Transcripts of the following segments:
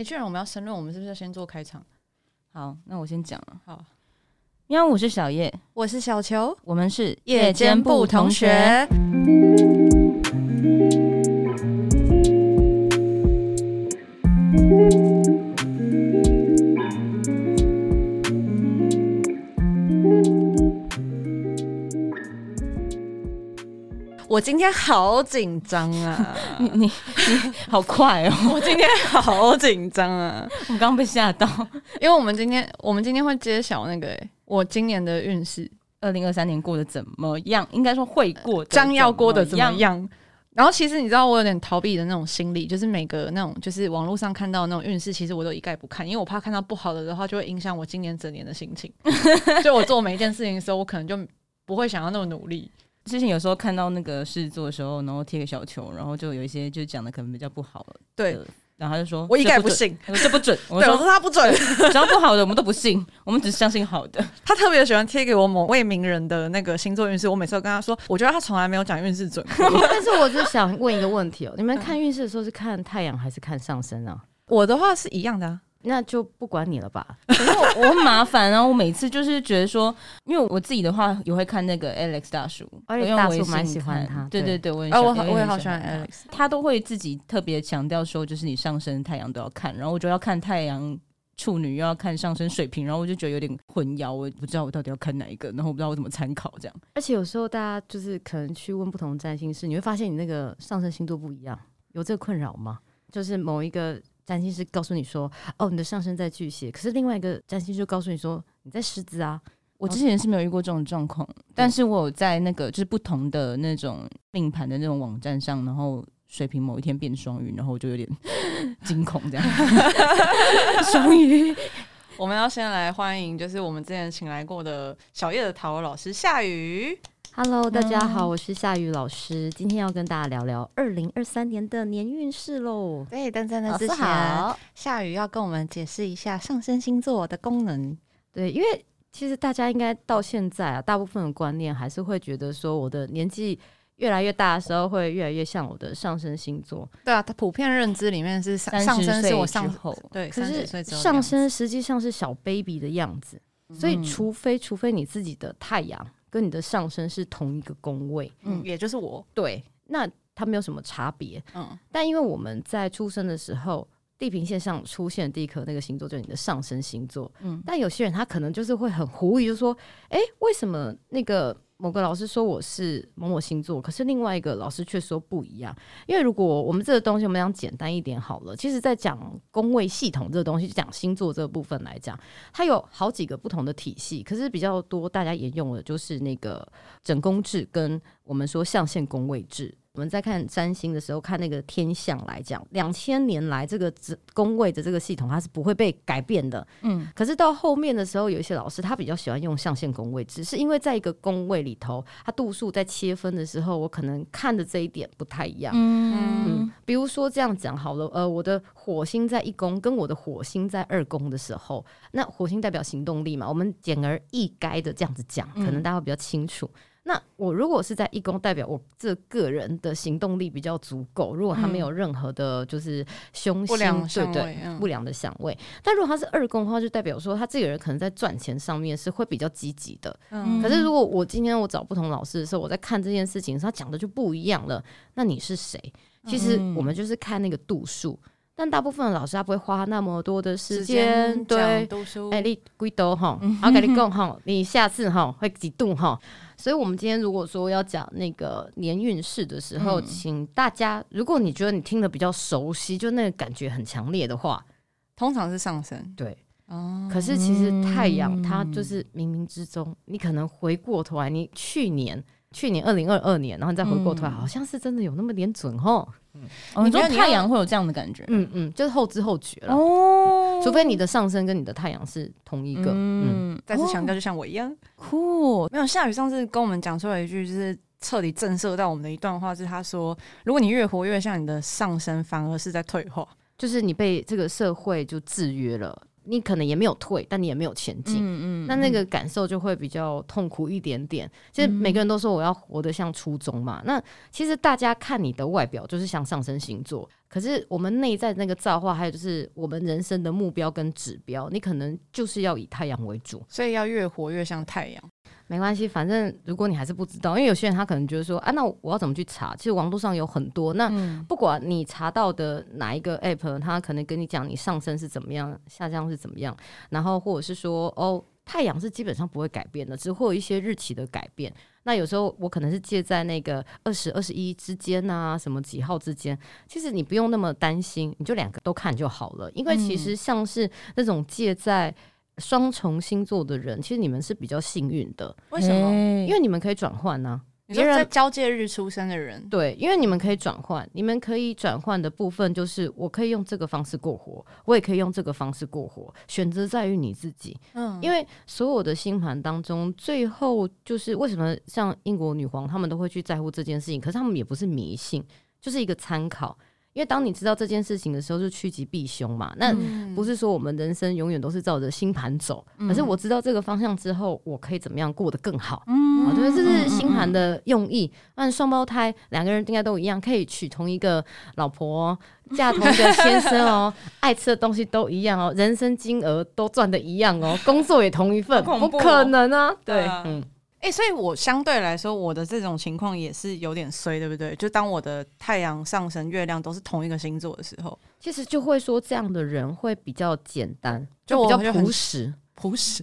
欸、既然我們要申論，我們是不是要先做開場？好，那我先講了。好，因為、嗯、我是小葉，我是小球，我們是葉間部同學。我今天好緊張啊！ 你你好快哦！ 我今天好緊張啊！ 我剛被嚇到，因為我們今天我們今天會揭曉那個、欸、我今年的運勢，二零二三年過得怎麼樣？應該說會過，將、呃、要過得怎麼樣？然後其實你知道我有點逃避的那種心理，就是每個那種就是網絡上看到的那種運勢，其實我都一概不看，因為我怕看到不好的的話就會影響我今年整年的心情，所以 我做每一件事情的時候，我可能就不會想要那麼努力。之前有時候看到那個獅子座的時候，然後貼個小球，然後就有一些就講的可能比較不好了。對，然後他就說：“我一概不信。”他說：“這不準。” 我說：“他不準。 他不準” 只要不好的我們都不信，我們只是相信好的。 他特別喜歡貼給我某位名人的那個星座運勢。我每次都跟他說：“我覺得他從來沒有講運勢準。”但是我就想問一個問題哦、喔：你們看運勢的時候是看太陽還是看上升啊？我的話是一樣的、啊。那就不管你了吧， 因為我我很麻煩，然後我每次就是覺得說，因為我自己的話也會看那個 Alex 大叔，而且、哦、大叔蠻喜歡他，對對，對對，我也喜歡，啊我，欸、我也好喜歡 Alex。他都會自己特別強調說，就是你上升太陽都要看，然後我就要看太陽處女，又要看上升水瓶，然後我就覺得有點混淆，我也不知道我到底要看哪一個，然後我不知道我怎麼參考這樣。而且有時候大家就是可能去問不同的占星師，你會發現你那個上升星座不一樣，有這個困擾嗎？就是某一個。占星是告訴你說：“哦，你的上升在巨蟹，可是另外一個占星就告訴你說你在獅子啊。”我之前是沒有遇過這種狀況，對但是我有在那個就是不同的那種命盤的那種網站上，然後水平某一天變雙魚，然後我就有點驚恐，這樣。 雙魚，我們要先來歡迎，就是我們之前請來過的小葉的塔羅老師夏瑜。Hello，大家好，嗯、我是夏瑜老師，今天要跟大家聊聊二零二三年的年運勢嘍。對，但在那之前，夏瑜要跟我們解釋一下上升星座的功能。對，因為其實大家應該到現在啊，大部分的觀念還是會覺得說，我的年紀越來越大的時候，會越來越像我的上升星座。對啊，他普遍認知裡面是上，之上升是我之後，對，可是上升實際上是小 baby 的樣子，嗯、所以除非除非你自己的太陽。跟你的上升是同一個宮位，嗯，也就是我，對，那它沒有什麼差別，嗯。但因為我們在出生的時候，地平線上出現的第一顆那個星座，就是你的上升星座，嗯。但有些人他可能就是會很狐疑，就說：“哎、欸，為什麼那個？”某個老師說我是某某星座，可是另外一個老師卻說不一樣。因為如果我們這個東西我們講簡單一點好了，其實，在講宮位系統這個東西，講星座這個部分來講，它有好幾個不同的體系，可是比較多大家沿用的就是那個整宮制跟我們說象限宮位制。我們在看占星的時候，看那個天象來講，兩千年來這個宮位的這個系統，它是不會被改變的。嗯，可是到後面的時候，有一些老師他比較喜歡用象限宮位，只是因為在一個宮位裡頭，它度數在切分的時候，我可能看的這一點不太一樣。嗯，嗯，比如說這樣講好了，呃，我的火星在一宮跟我的火星在二宮的時候，那火星代表行動力嘛，我們簡而易賅的這樣子講，可能大家會比較清楚。嗯那我如果是在一宮，代表我這個人的行動力比較足夠。如果他沒有任何的，就是凶相，對不對？不良的相位、嗯、位。但如果他是二宮的話，就代表說他這個人可能在賺錢上面是會比較積極的。嗯、可是如果我今天我找不同老師的時候，我在看這件事情的時候，他講的就不一樣了。那你是誰？其實我們就是看那個度數。嗯、但大部分的老師他不會花那麼多的時間。對，哎，欸、你幾度哈？ 我跟你講哈，你下次哈會幾度哈？所以，我們今天如果說要講那個年運勢的時候，嗯、請大家，如果你覺得你聽得比較熟悉，就那個感覺很強烈的話，通常是上升。對，哦、可是其實太陽它就是冥冥之中，嗯、你可能回過頭來，你去年。去年二零二二年，然後你再回過頭，嗯、好像是真的有那麼點準哦，嗯，哦，你覺得太陽會有這樣的感覺？嗯嗯，就是後知後覺了哦、嗯。除非你的上升跟你的太陽是同一個。嗯，嗯，再次強調，就像我一樣。哦、酷，沒有夏瑜，上次跟我們講出來一句，就是徹底震懾到我們的一段話，就是：他說，如果你越活越像你的上升，反而是在退化，就是你被這個社會就制約了。你可能也沒有退，但你也沒有前進，嗯，嗯，那那個感受就會比較痛苦一點點。嗯，其實每個人都說我要活得像初中嘛，嗯，那其實大家看你的外表就是像上升星座，可是我們內在那個造化，還有就是我們人生的目標跟指標，你可能就是要以太陽為主，所以要越活越像太陽。沒關係，反正如果你還是不知道，因為有些人他可能覺得說，啊，那我要怎麼去查？其實網絡上有很多。那不管你查到的哪一個 app，它、嗯、可能跟你講你上升是怎麼樣，下降是怎麼樣，然後或者是說，哦，太陽是基本上不會改變的，只會有一些日期的改變。那有時候我可能是借在那個二十、二十一之間啊，什麼幾號之間，其實你不用那麼擔心，你就兩個都看就好了。因為其實像是那種借在。雙重星座的人，其實你們是比較幸運的。為什麼？因為你們可以轉換呢。因為在交界日出生的人，對，因為你們可以轉換。你們可以轉換的部分就是，我可以用這個方式過活，我也可以用這個方式過活，選擇在於你自己。嗯，因為所有的星盤當中，最後就是為什麼像英國女皇，她們都會去在乎這件事情，可是她們也不是迷信，就是一個參考。因為當你知道這件事情的時候，就趨吉避凶嘛。那不是說我們人生永遠都是照着星盤走，可、嗯、是我知道這個方向之後，我可以怎麼樣過得更好？我覺得這是星盤的用意。按雙、嗯嗯嗯、胞胎兩個人應該都一樣，可以娶同一個老婆、喔，嫁同一個先生哦、喔， 愛吃的東西都一樣哦、喔，人生金額都賺的一樣哦、喔，工作也同一份，喔、不可能啊！對，啊、嗯。哎、欸，所以我相對來說，我的這種情況也是有點衰，對不對？就當我的太陽上升，月亮都是同一個星座的時候，其實就會說這樣的人會比較簡單，就，我 就比較樸實，樸實。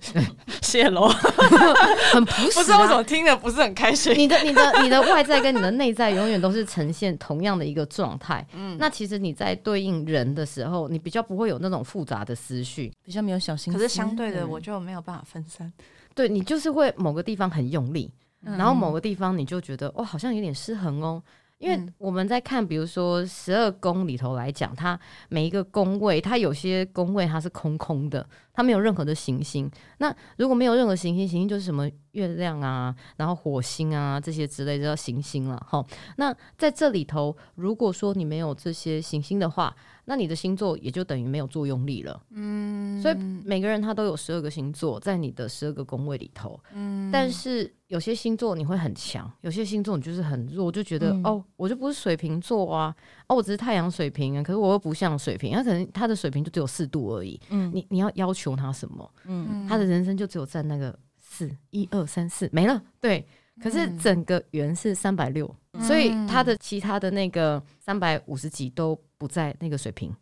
謝嘍對，露 很樸實、啊。不是我怎麼聽着不是很開心？你的、你的、你的外在跟你的內在永遠都是呈現同樣的一個狀態。 嗯，那其實你在對應人的時候，你比較不會有那種複雜的思緒，比較沒有小心，心。可是相對的，嗯、我就沒有辦法分散。對，你就是會某個地方很用力，嗯、然後某個地方你就覺得哦，好像有點失衡哦。因為我們在看，比如說十二宮裡頭來講，它每一個宮位，它有些宮位它是空空的，它沒有任何的行星。那如果沒有任何行星，行星就是什麼月亮啊，然後火星啊這些之類叫行星了，啊、吼，那在這裡頭，如果說你沒有這些行星的話，那你的星座也就等於沒有作用力了，嗯，所以每個人他都有十二個星座在你的十二個宮位裡頭，嗯，但是有些星座你會很強，有些星座你就是很弱，就覺得、嗯、哦，我就不是水瓶座啊，哦，我只是太陽水瓶啊，可是我又不像水瓶，他可能他的水瓶就只有四度而已，嗯，你你要要求他什麼，嗯，他的人生就只有在那個四一二三四沒了，對，可是整個圓是三百六，所以他的其他的那個三百五十幾都。不在那個水平，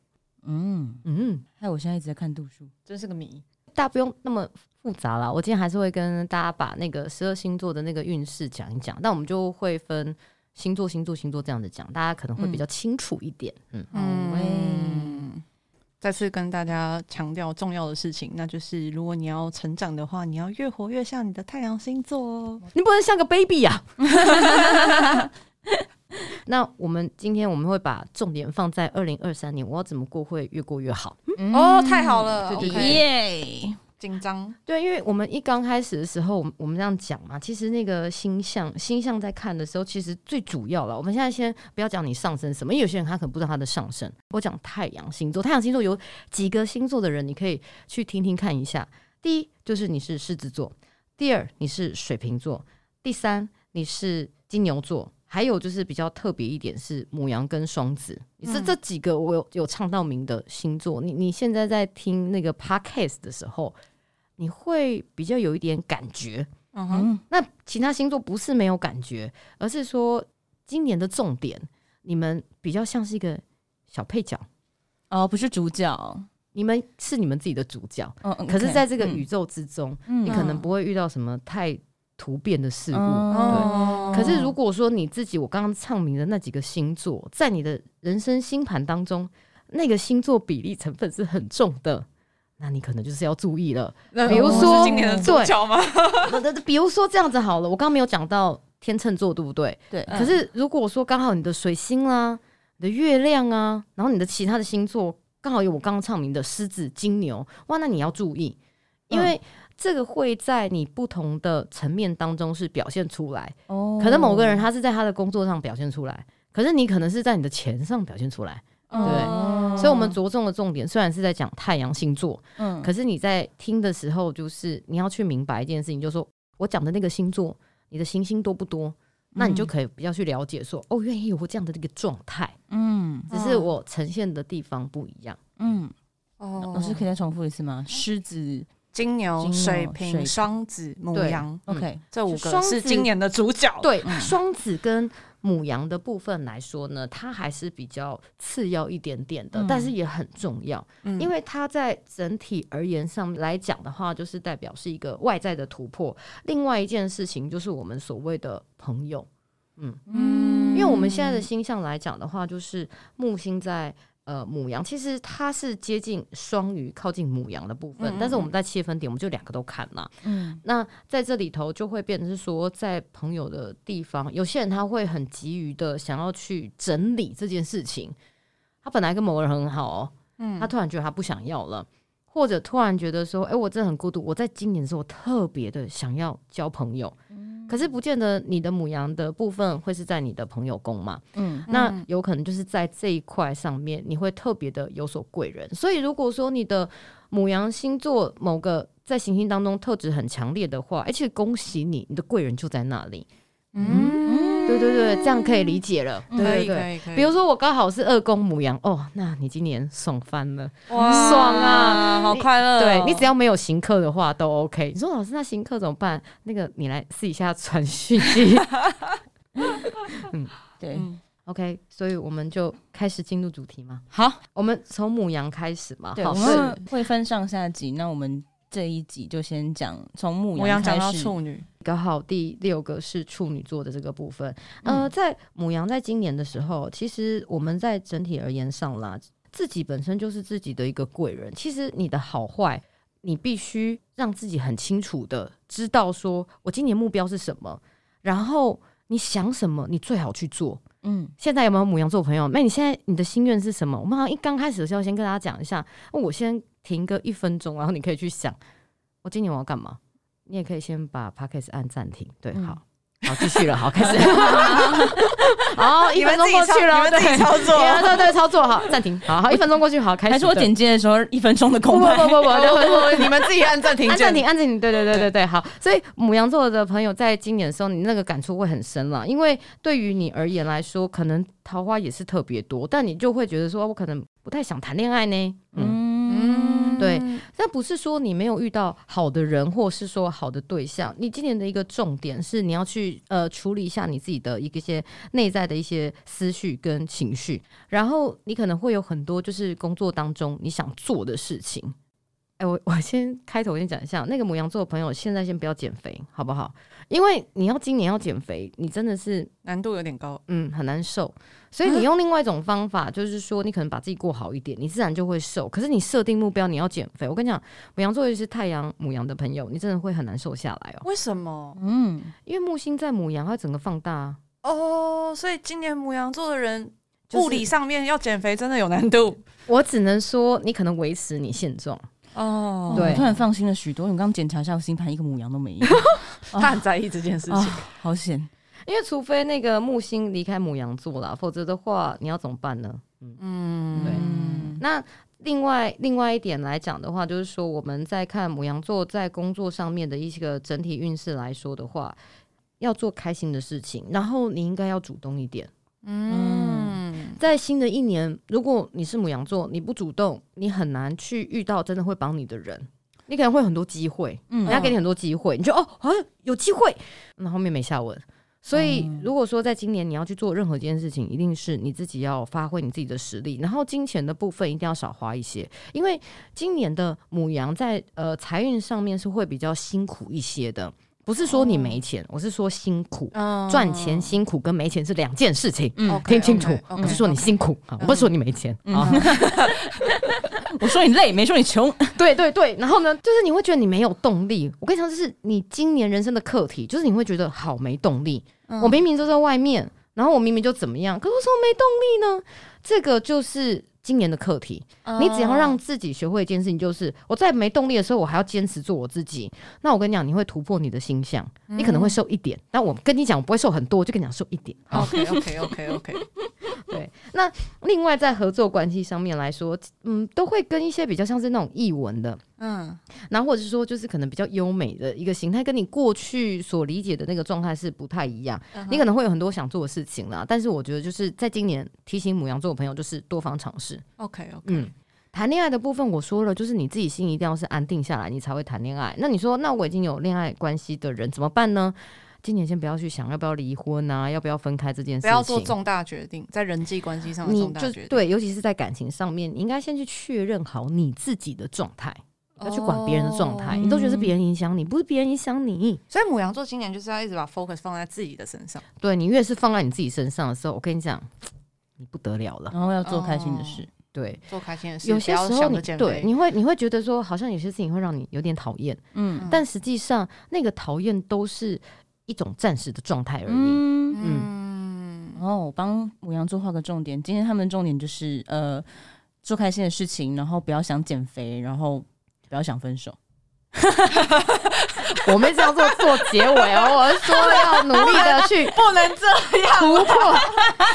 嗯嗯，還有、嗯、我現在一直在看度數，真是個謎。大家不用那麼複雜啦，我今天還是會跟大家把那個十二星座的那個運勢講一講，但我們就會分星座、星座、星座這樣子講，大家可能會比較清楚一點。嗯嗯，再次跟大家強調重要的事情，那就是如果你要成長的話，你要越活越像你的太陽星座哦，你不能像個 baby 呀、啊。 那我們今天我們會把重點放在二零二三年，我要怎麼過，會越過越好？嗯嗯、哦，太好了，耶！緊張對，因為我們一剛開始的時候，我們這樣講嘛，其實那個星象星象在看的時候，其實最主要了。我們現在先不要講你上升什麼，因為有些人他可能不知道他的上升。我講太陽星座，太陽星座有幾個星座的人，你可以去聽聽看一下。第一就是你是獅子座，第二你是水瓶座，第三你是金牛座。還有就是比較特別一點是牡羊跟雙子，是這幾個我有有唱到名的星座。你你現在在聽那個 Podcast 的時候，你會比較有一點感覺。嗯哼，那其他星座不是沒有感覺，而是說今年的重點，你們比較像是一個小配角哦，不是主角，你們是你們自己的主角。可是在這個宇宙之中，你可能不會遇到什麼太突變的事物，嗯、對。可是如果說你自己，我剛剛唱名的那幾個星座，在你的人生星盤當中，那個星座比例成分是很重的，那你可能就是要注意了。種比如說、哦、今年的座嗎的？比如說這樣子好了，我剛剛沒有講到天秤座，對不對？對。嗯、可是如果說剛好你的水星啊，你的月亮啊，然後你的其他的星座剛好有我剛剛唱名的獅子、金牛，哇，那你要注意，因為。嗯這個會在你不同的層面當中是表現出來，哦，可能某個人他是在他的工作上表現出來，可是你可能是在你的錢上表現出來，哦、對，所以我們着重的重點雖然是在講太陽星座，嗯，可是你在聽的時候，就是你要去明白一件事情，就是說我講的那個星座，你的行星，星多不多？嗯、那你就可以比較去了解說，說哦，原來有我這樣的那個狀態，嗯，只是我呈現的地方不一樣，嗯，哦，老師可以再重複一次嗎？獅誒子。金牛、水瓶、雙子、牡羊，OK，這五個是今年的主角雙子。主角對，嗯、雙子跟牡羊的部分來說呢，它還是比較次要一點點的，嗯、但是也很重要，嗯、因為它在整體而言上來講的話，就是代表是一個外在的突破。另外一件事情就是我們所謂的朋友，嗯嗯，因為我們現在的星象來講的話，就是木星在。呃，牡羊其實它是接近雙魚，靠近牡羊的部分，嗯嗯嗯，但是我們在切分點，我們就兩個都看嘛。嗯，嗯，那在這裡頭就會變成是說，在朋友的地方，有些人他會很急於的想要去整理這件事情。他本來跟某人很好，喔，嗯，他突然覺得他不想要了，嗯嗯，或者突然覺得說，哎、欸，我真的很孤獨，我在今年的時候我特別的想要交朋友。嗯可是不見得你的牡羊的部分會是在你的朋友宮嘛，嗯？嗯，那有可能就是在這一塊上面，你會特別的有所貴人。所以如果說你的牡羊星座某個在行星當中特質很強烈的話，而且恭喜你，你的貴人就在那裡。嗯。嗯對對對，這樣可以理解了。對對，比如說我剛好是二宮牡羊哦，那你今年爽翻了哇，爽啊，好快樂。對，你只要沒有刑剋的話都 OK。你說老師那刑剋怎麼辦？那個你來試一下傳訊息。嗯，對，OK，所以我們就開始進入主題嘛。好，我們從牡羊開始嘛。對，我們會分上下集。那我們。這一集就先講從牡羊講到處女，剛好第六個是處女座的這個部分。嗯、呃，在牡羊在今年的時候，其實我們在整體而言上啦，自己本身就是自己的一個貴人。其實你的好壞，你必須讓自己很清楚的知道，說我今年目標是什麼，然後你想什麼，你最好去做。嗯，現在有沒有牡羊座朋友？那、欸、你現在你的心願是什麼？我們好像一剛開始的時候，先跟大家講一下，我先。停個一分鐘，然後你可以去想，我今年我要幹嘛？你也可以先把 podcast 按暫停。對，好，好，繼續了，好，開始。好，一分鐘過去了，你們自己操作，對對操作好，暫停，好好，一分鐘過去，好，開始。還是我剪接的時候，一分鐘的工作，不不不不，你們自己按暫停，按暫停，按暫停，對對對對對，好。所以牡羊座的朋友在今年的時候，你那個感觸會很深了，因為對於你而言來說，可能桃花也是特別多，但你就會覺得說，我可能不太想談戀愛呢，嗯。嗯，對，但不是說你沒有遇到好的人，或是說好的對象。你今年的一個重點是，你要去呃處理一下你自己的一些內在的一些思緒跟情緒。然後你可能會有很多就是工作當中你想做的事情。哎，我我先開頭先講一下，那個牡羊座的朋友，現在先不要減肥，好不好？因為你要今年要減肥，你真的是難度有點高，嗯，很難瘦。所以你用另外一種方法，啊、就是說你可能把自己過好一點，你自然就會瘦。可是你設定目標你要減肥，我跟你講，牡羊座就是太陽牡羊的朋友，你真的會很難瘦下來哦、喔。為什麼？嗯，因為木星在牡羊，它整個放大哦、啊。Oh, 所以今年牡羊座的人，就是，物理上面要減肥真的有難度。我只能說，你可能維持你現狀。Oh, 對哦，對，突然放心了許多。你剛剛檢查一下星盤，我心盤一個牡羊都沒有， 他很在意這件事情，oh, oh, 好險。因為除非那個木星離開牡羊座了，否則的話，你要怎麼辦呢？嗯，對。嗯、那另外另外一點來講的話，就是說我們在看牡羊座在工作上面的一些個整體運勢來說的話，要做開心的事情，然後你應該要主動一點。嗯，在新的一年，如果你是牡羊座，你不主動，你很難去遇到真的會幫你的人。你可能會很多機會，人家給你很多機會，嗯、你就哦好像、哦啊、有機會，那後面沒下文。所以、嗯、如果說在今年你要去做任何一件事情，一定是你自己要發揮你自己的實力，然後金錢的部分一定要少花一些，因為今年的牡羊在呃財運上面是會比較辛苦一些的。不是說你沒錢，oh. 我是說辛苦，賺、oh. 錢辛苦跟沒錢是兩件事情。Oh. 聽清楚，okay, okay, okay, okay, 不是說你辛苦 Okay.、啊，我不是說你沒錢。我說你累，沒說你窮。對對對，然後呢，就是你會覺得你沒有動力。我跟你講，就是你今年人生的課題，就是你會覺得好沒動力。Oh. 我明明就在外面，然後我明明就怎麼樣，可是為什麼沒動力呢？這個就是。今年的課題，你只要讓自己學會一件事情，就是我在沒動力的時候，我還要堅持做我自己。那我跟你講，你會突破你的心象，嗯、你可能會瘦一點。但我跟你講，我不會瘦很多，我就跟你講瘦一點。OK OK OK OK。 對，那另外在合作關係上面來說，嗯，都會跟一些比較像是那種譯文的，嗯，那或者是說就是可能比較優美的一個形態，跟你過去所理解的那個狀態是不太一樣。Uh huh，你可能會有很多想做的事情啦，但是我覺得就是在今年提醒牡羊座的朋友就是多方嘗試。OK OK，嗯，談戀愛的部分我說了，就是你自己心一定要是安定下來，你才會談戀愛。那你說，那我已經有戀愛關係的人怎麼辦呢？今年先不要去想，要不要離婚啊？要不要分開這件事情。不要做重大決定，在人際關係上的重大決定就對，尤其是在感情上面，你應該先去確認好你自己的狀態，要去管別人的狀態。Oh, 你都覺得是別人影響你，嗯、不是別人影響你。所以牡羊座今年就是要一直把 focus 放在自己的身上。對，你越是放在你自己身上的時候，我跟你講，你不得了了。Oh, 然後要做開心的事，oh, 對，做開心的事。有些時候你對，你會你會覺得說，好像有些事情會讓你有點討厭，嗯，但實際上那個討厭都是。一種暫時的狀態而已。嗯，然後、嗯哦、我幫牡羊座畫個重點。今天他們重點就是呃，做開心的事情，然後不要想減肥，然後不要想分手。 我沒這樣做做結尾哦，我說了要努力的去不，不能這樣。不過破，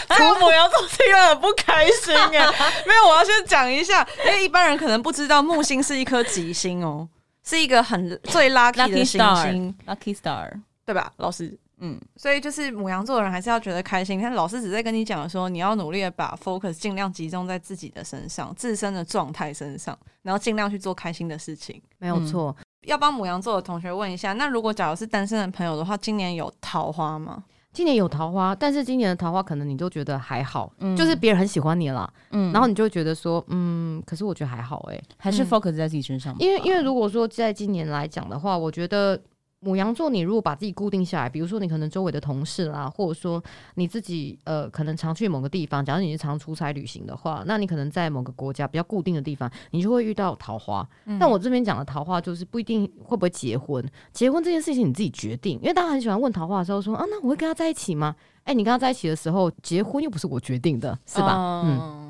這個牡羊總是有點不開心啊 沒有，我要先講一下，因為一般人可能不知道木星是一顆吉星哦， 是一個很最 lucky 的星星，lucky star。對吧，老師？嗯，所以就是牡羊座的人還是要覺得開心。但老師只在跟你講說，你要努力的把 focus 盡量集中在自己的身上，自身的狀態身上，然後盡量去做開心的事情。沒有錯。要幫牡羊座的同學問一下，那如果假如是單身的朋友的話，今年有桃花嗎？今年有桃花，但是今年的桃花可能你就覺得還好，嗯、就是別人很喜歡你啦，嗯，然後你就覺得說，嗯，可是我覺得還好、欸，哎，還是 focus 在自己身上、嗯。因為因為如果說在今年來講的話，我覺得。牡羊座，你如果把自己固定下來，比如說你可能周圍的同事啊，或者說你自己，呃，可能常去某個地方。假如你是常出差旅行的話，那你可能在某個國家比較固定的地方，你就會遇到桃花。嗯、但我這邊講的桃花，就是不一定會不會結婚。結婚這件事情你自己決定，因為大家很喜歡問桃花的時候說：“啊，那我會跟他在一起嗎？”哎、欸，你跟他在一起的時候，結婚又不是我決定的，是吧？嗯。嗯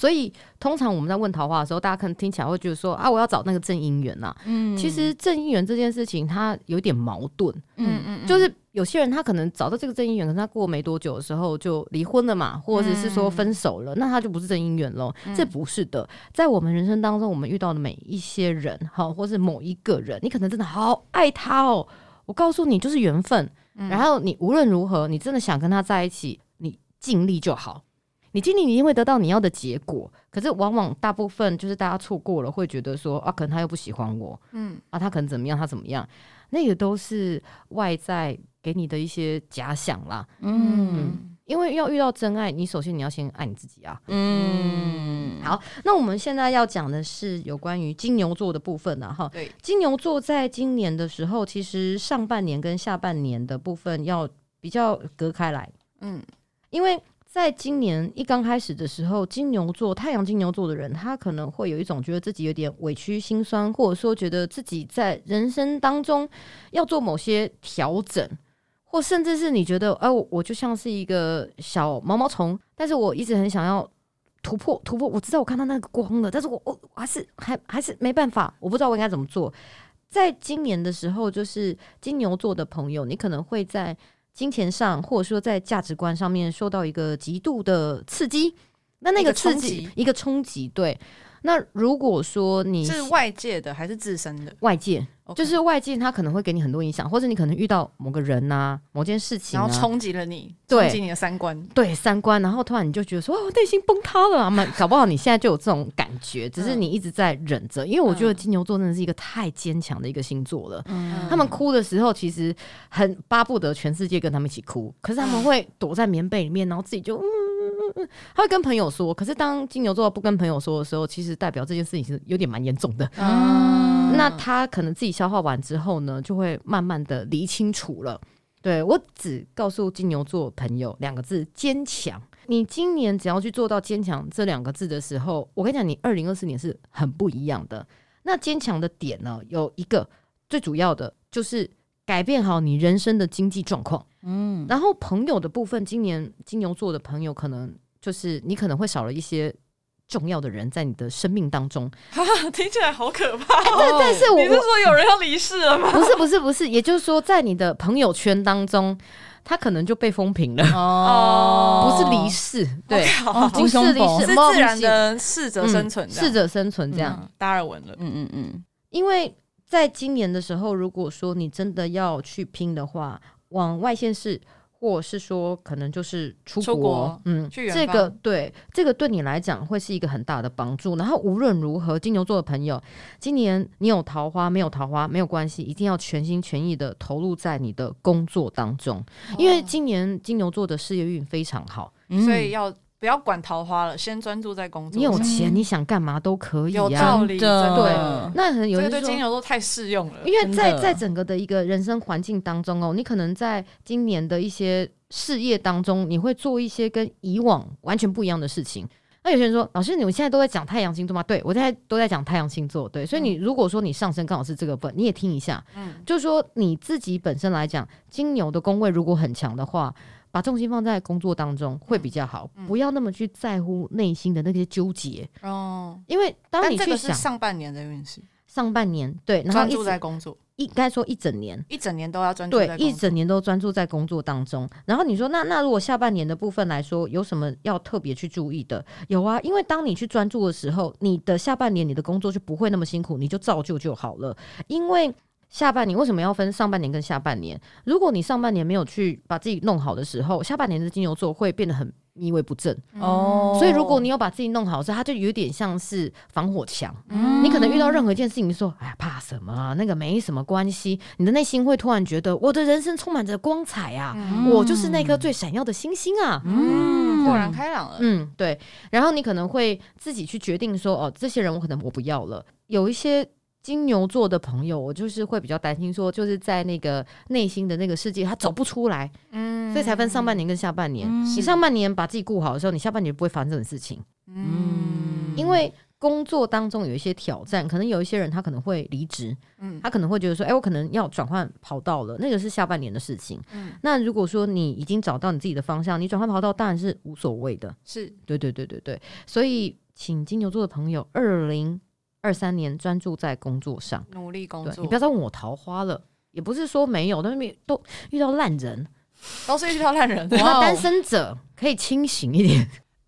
所以，通常我們在問桃花的時候，大家可能聽起來會覺得說：“啊，我要找那個正姻緣吶、啊。”嗯，其實正姻緣這件事情，它有點矛盾。嗯嗯，嗯就是有些人他可能找到這個正姻緣，可是他過沒多久的時候就離婚了嘛，或者是，是說分手了，嗯、那他就不是正姻緣咯。嗯、這不是的，在我們人生當中，我們遇到的每一些人哈、哦，或是某一個人，你可能真的好愛他哦。我告訴你，就是緣分。嗯、然後你無論如何，你真的想跟他在一起，你盡力就好。你今年你因為得到你要的結果，可是往往大部分就是大家錯過了，會覺得說，啊，可能他又不喜歡我，嗯，啊，他可能怎麼樣，他怎麼樣，那也都是外在給你的一些假想啦，嗯，因為要遇到真愛，你首先你要先愛你自己啊，嗯，好，那我們現在要講的是有關於金牛座的部分了。哈，對，金牛座在今年的時候，其實上半年跟下半年的部分要比較隔開來，嗯，因為。在今年一剛開始的時候，金牛座太陽金牛座的人，他可能會有一種覺得自己有點委屈、心酸，或者說覺得自己在人生當中要做某些調整，或甚至是你覺得，哎、呃，我就像是一個小毛毛蟲，但是我一直很想要突破，突破。我知道我看到那個光了，但是我我我還是還還是沒辦法，我不知道我應該怎麼做。在今年的時候，就是金牛座的朋友，你可能會在。金錢上，或者說在價值觀上面受到一個極度的刺激，那那個刺激一個衝擊，對。那如果說你是外界的還是自身的？外界。Okay. 就是外界他可能會給你很多影響，或者你可能遇到某個人吶、啊、某件事情、啊，然後衝擊了你，對，衝擊你的三觀，對三觀，然後突然你就覺得說，哦，內心崩塌了，啊，蠻搞不好你現在就有這種感覺， 只是你一直在忍着，因為我覺得金牛座真的是一個太堅強的一個星座了，嗯、他們哭的時候其實很巴不得全世界跟他們一起哭，可是他們會躲在棉被裡面，然後自己就嗯，嗯，嗯，嗯，他會跟朋友說，可是當金牛座不跟朋友說的時候，其實代表這件事情是有點蠻嚴重的，嗯、那他可能自己。消化完之後呢，就會慢慢的理清楚了。對，我只告訴金牛座朋友兩個字：堅強。你今年只要去做到堅強這兩個字的時候，我跟你講，你二零二四年是很不一樣的。那堅強的點呢，有一個最主要的，就是改變好你人生的經濟狀況。嗯，然後朋友的部分，今年金牛座的朋友可能就是你可能會少了一些重要的人在你的生命當中，聽起來好可怕、喔。對、欸，但是我是說有人要離世了嗎？不是、嗯，不是，不是，也就是說在你的朋友圈當中，他可能就被封平了。哦，哦不是離世，對，okay, 好好好不是離世，是，世是自然的適者生存，適者生存這樣，達爾、嗯嗯、文的、嗯。嗯嗯嗯，因為在今年的時候，如果說你真的要去拼的話，往外線是。或是說，可能就是出國，出國嗯，這個對這個對你來講會是一個很大的幫助。然後無論如何，金牛座的朋友，今年你有桃花沒有桃花沒有關係，一定要全心全意的投入在你的工作當中，哦、因為今年金牛座的事業運非常好，所以要。不要管桃花了，先專注在工作上。你有錢，嗯、你想幹嘛都可以、啊。有道理，對的。對，對那可能有說。這個對金牛都太適用了，因為在的在整個的一個人生環境當中哦、喔，你可能在今年的一些事業當中，你會做一些跟以往完全不一樣的事情。那有些人說，老師，你們現在都在講太陽星座嗎？對，我現在都在講太陽星座。對，所以你如果說你上升剛好是這個份，你也聽一下。嗯，就是說你自己本身來講，金牛的宮位如果很強的話。把重心放在工作當中會比較好，嗯、不要那麼去在乎內心的那些糾結哦。嗯、因為當你去想是上半年的運勢，上半年對，然後專注在工作應該說一整年，一整年都要專注對，一整年都專注在工作當中。然後你說那那如果下半年的部分來說有什麼要特別去注意的？有啊，因為當你去專注的時候，你的下半年你的工作就不會那麼辛苦，你就照舊就，就好了，因為。下半年為什麼要分上半年跟下半年？如果你上半年沒有去把自己弄好的時候，下半年的金牛座會變得很萎靡不振哦。所以如果你有把自己弄好之後，它就有點像是防火牆。嗯、你可能遇到任何一件事情，你說哎呀，怕什麼？那個沒什麼關係。你的內心會突然覺得，我的人生充滿着光彩啊！嗯、我就是那顆最閃耀的星星啊！嗯，豁對然開朗了。嗯，對。然後你可能會自己去決定說，哦，這些人我可能我不要了。有一些。金牛座的朋友，我就是會比較擔心，說就是在那個內心的那個世界，他走不出來，嗯，所以才分上半年跟下半年。是你上半年把自己顧好的時候，你下半年不會發生這種事情，嗯，因為工作當中有一些挑戰，可能有一些人他可能會離職，嗯，他可能會覺得說，哎，我可能要轉換跑道了，那個是下半年的事情。嗯，那如果說你已經找到你自己的方向，你轉換跑道當然是無所謂的，是對，對對對對對。所以，請金牛座的朋友，二零。二三年專注在工作上，努力工作。你不要再問我桃花了，也不是說沒有，但都遇到爛人，都是遇到爛人。 Wow 那單身者可以清醒一點。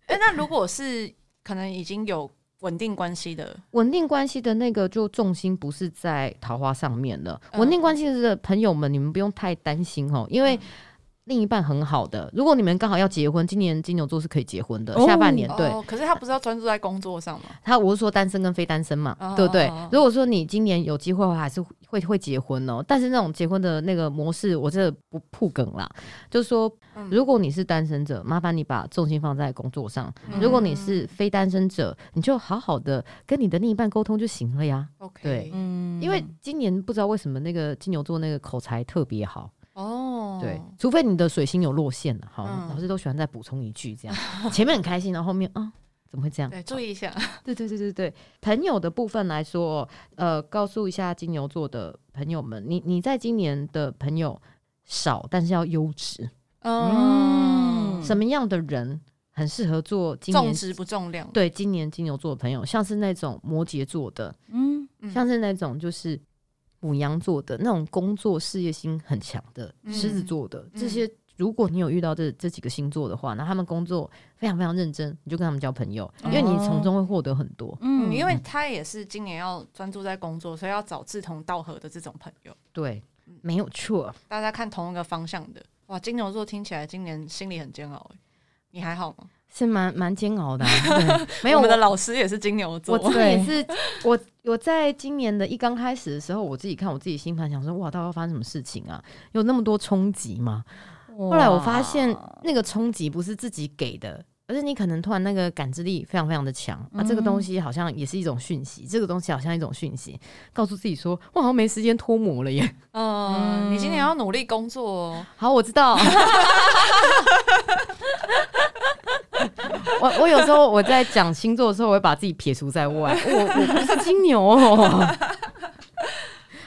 哎、欸，那如果是可能已經有穩定關係的， 穩定關係的那個就重心不是在桃花上面了。嗯、穩定關係的朋友們，你們不用太擔心哦，因為。另一半很好的，如果你們剛好要結婚，今年金牛座是可以結婚的，哦、下半年對、哦。可是他不是要專注在工作上嘛？他我是說單身跟非單身嘛，哦、對不對，對？哦哦、如果說你今年有機會的話，還是會會結婚哦、喔。但是那種結婚的那個模式，我這不鋪梗啦。就是說，如果你是單身者，嗯、麻煩你把重心放在工作上；嗯、如果你是非單身者，你就好好的跟你的另一半溝通就行了呀。哦、對，嗯、因為今年不知道為什麼那個金牛座那個口才特別好。哦，oh, 對，除非你的水星有落線落陷了，好，嗯、老師都喜歡再補充一句這樣， 前面很開心，然後後面啊、嗯，怎麼會這樣？對，注意一下。對對對對對，朋友的部分來說，呃，告訴一下金牛座的朋友們，你你在今年的朋友少，但是要優質。Oh, 嗯，什麼樣的人很適合做今年？重質不重量？對，今年金牛座的朋友，像是那種摩羯座的，嗯，嗯，像是那種就是。牡羊座的那種工作事業心很強的，獅、嗯、子座的這些，如果你有遇到這、嗯、這幾個星座的話，那他們工作非常非常認真，你就跟他們交朋友，嗯、因為你從中會獲得很多。嗯，嗯嗯因為他也是今年要專注在工作，所以要找志同道合的這種朋友。對，沒有錯。大家看同一個方向的，哇，金牛座聽起來今年心裡很煎熬、欸，你還好嗎？是蠻蠻煎熬的，啊，沒有。 我們的老師也是金牛座，我自己也是。我我在今年的一剛開始的時候，我自己看我自己心盤，想說哇，到底要發生什麼事情啊？有那麼多衝擊嗎？哇後來我發現那個衝擊不是自己給的，而是你可能突然那個感知力非常非常的強，嗯、啊，這個東西好像也是一種訊息，這個東西好像一種訊息，告訴自己說我好像沒時間脫模了耶。哦，嗯，嗯，你今年要努力工作哦。好，我知道。 我我有時候我在講星座的時候，我會把自己撇除在外。我我不是金牛哦。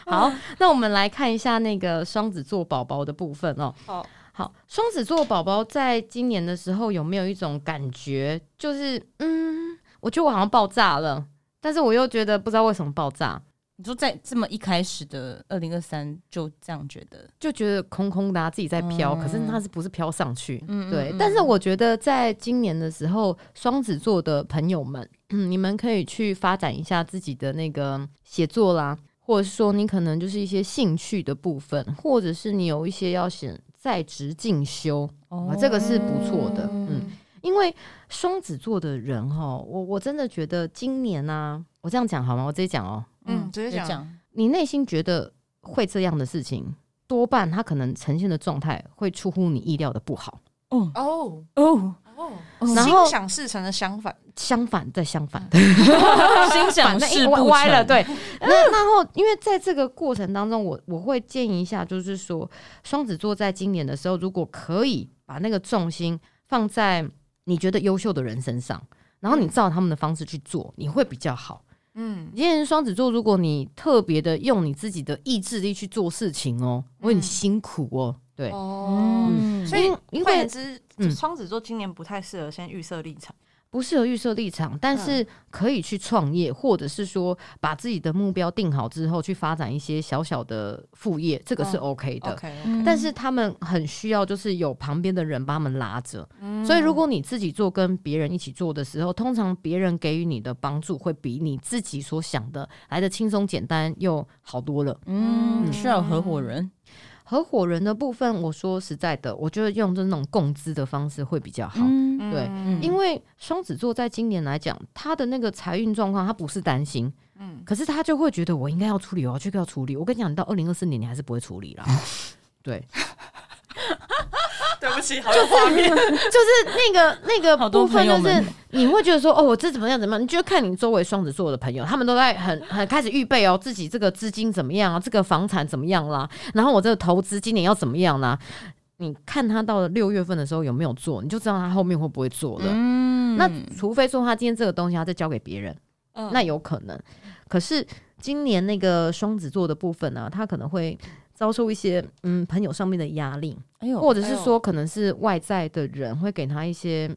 好，那我們來看一下那個雙子座寶寶的部分哦。好好，雙子座寶寶在今年的時候有沒有一種感覺，就是嗯，我覺得我好像爆炸了，但是我又覺得不知道為什麼爆炸。你說在這麼一開始的二零二三就這樣覺得，就覺得空空的、啊、自己在飄，嗯、可是它是不是飄上去？嗯嗯嗯對。但是我覺得，在今年的時候，雙子座的朋友們、嗯，你們可以去發展一下自己的那個寫作啦，或者是說，你可能就是一些興趣的部分，或者是你有一些要選在職進修，哦、啊，這個是不錯的。嗯，因為雙子座的人哈，我我真的覺得今年啊，我這樣講好嗎？我直接講哦、喔。嗯，直接講。你內心覺得會這樣的事情，多半他可能呈現的狀態會出乎你意料的不好。哦哦哦哦，心想事成的相反，相反再相反，嗯、 心想事不成、欸、歪，歪了。對，嗯、那然後因為在這個過程當中，我我會建議一下，就是說雙子座在今年的時候，如果可以把那個重心放在你覺得優秀的人身上，然後你照他們的方式去做，嗯、你會比較好。嗯，因為雙子座，如果你特別的用你自己的意志力去做事情哦、喔，會、嗯、很辛苦哦、喔。對，哦、嗯，嗯、所以，換言之，雙子座今年不太適合先預設立場。嗯不適合預設立場，但是可以去創業，嗯、或者是說把自己的目標定好之後去發展一些小小的副業，嗯、這個是 OK 的。嗯、okay, okay, 但是他們很需要，就是有旁邊的人把他們拉着。嗯、所以如果你自己做跟別人一起做的時候，通常別人給予你的幫助會比你自己所想的來得輕鬆、簡單又好多了。嗯，嗯，你需要合夥人。合夥人的部分，我說實在的，我覺得用這種共資的方式會比較好。嗯、對，嗯、因為雙子座在今年來講，他的那個財運狀況，他不是擔心，嗯、可是他就會覺得我應該要處理，我要這個要處理。我跟你講，你到二零二四年，你還是不會處理啦，嗯、對。 對不起，好，就是就是那個那個部分，就是你會覺得說，哦，我這怎麼樣怎麼樣？你就看你周圍雙子座的朋友，他們都在很很開始預備哦、喔，自己這個資金怎麼樣啊，這個房產怎麼樣啦，然後我這個投資今年要怎麼樣啦。你看他到了六月份的時候有沒有做，你就知道他後面會不會做了。嗯，那除非說他今天這個東西他再交給別人，嗯、那有可能。可是今年那個雙子座的部分呢、啊，他可能會。遭受一些嗯、朋友上面的壓力，哎呦，或者是說可能是外在的人，哎呦，會給他一些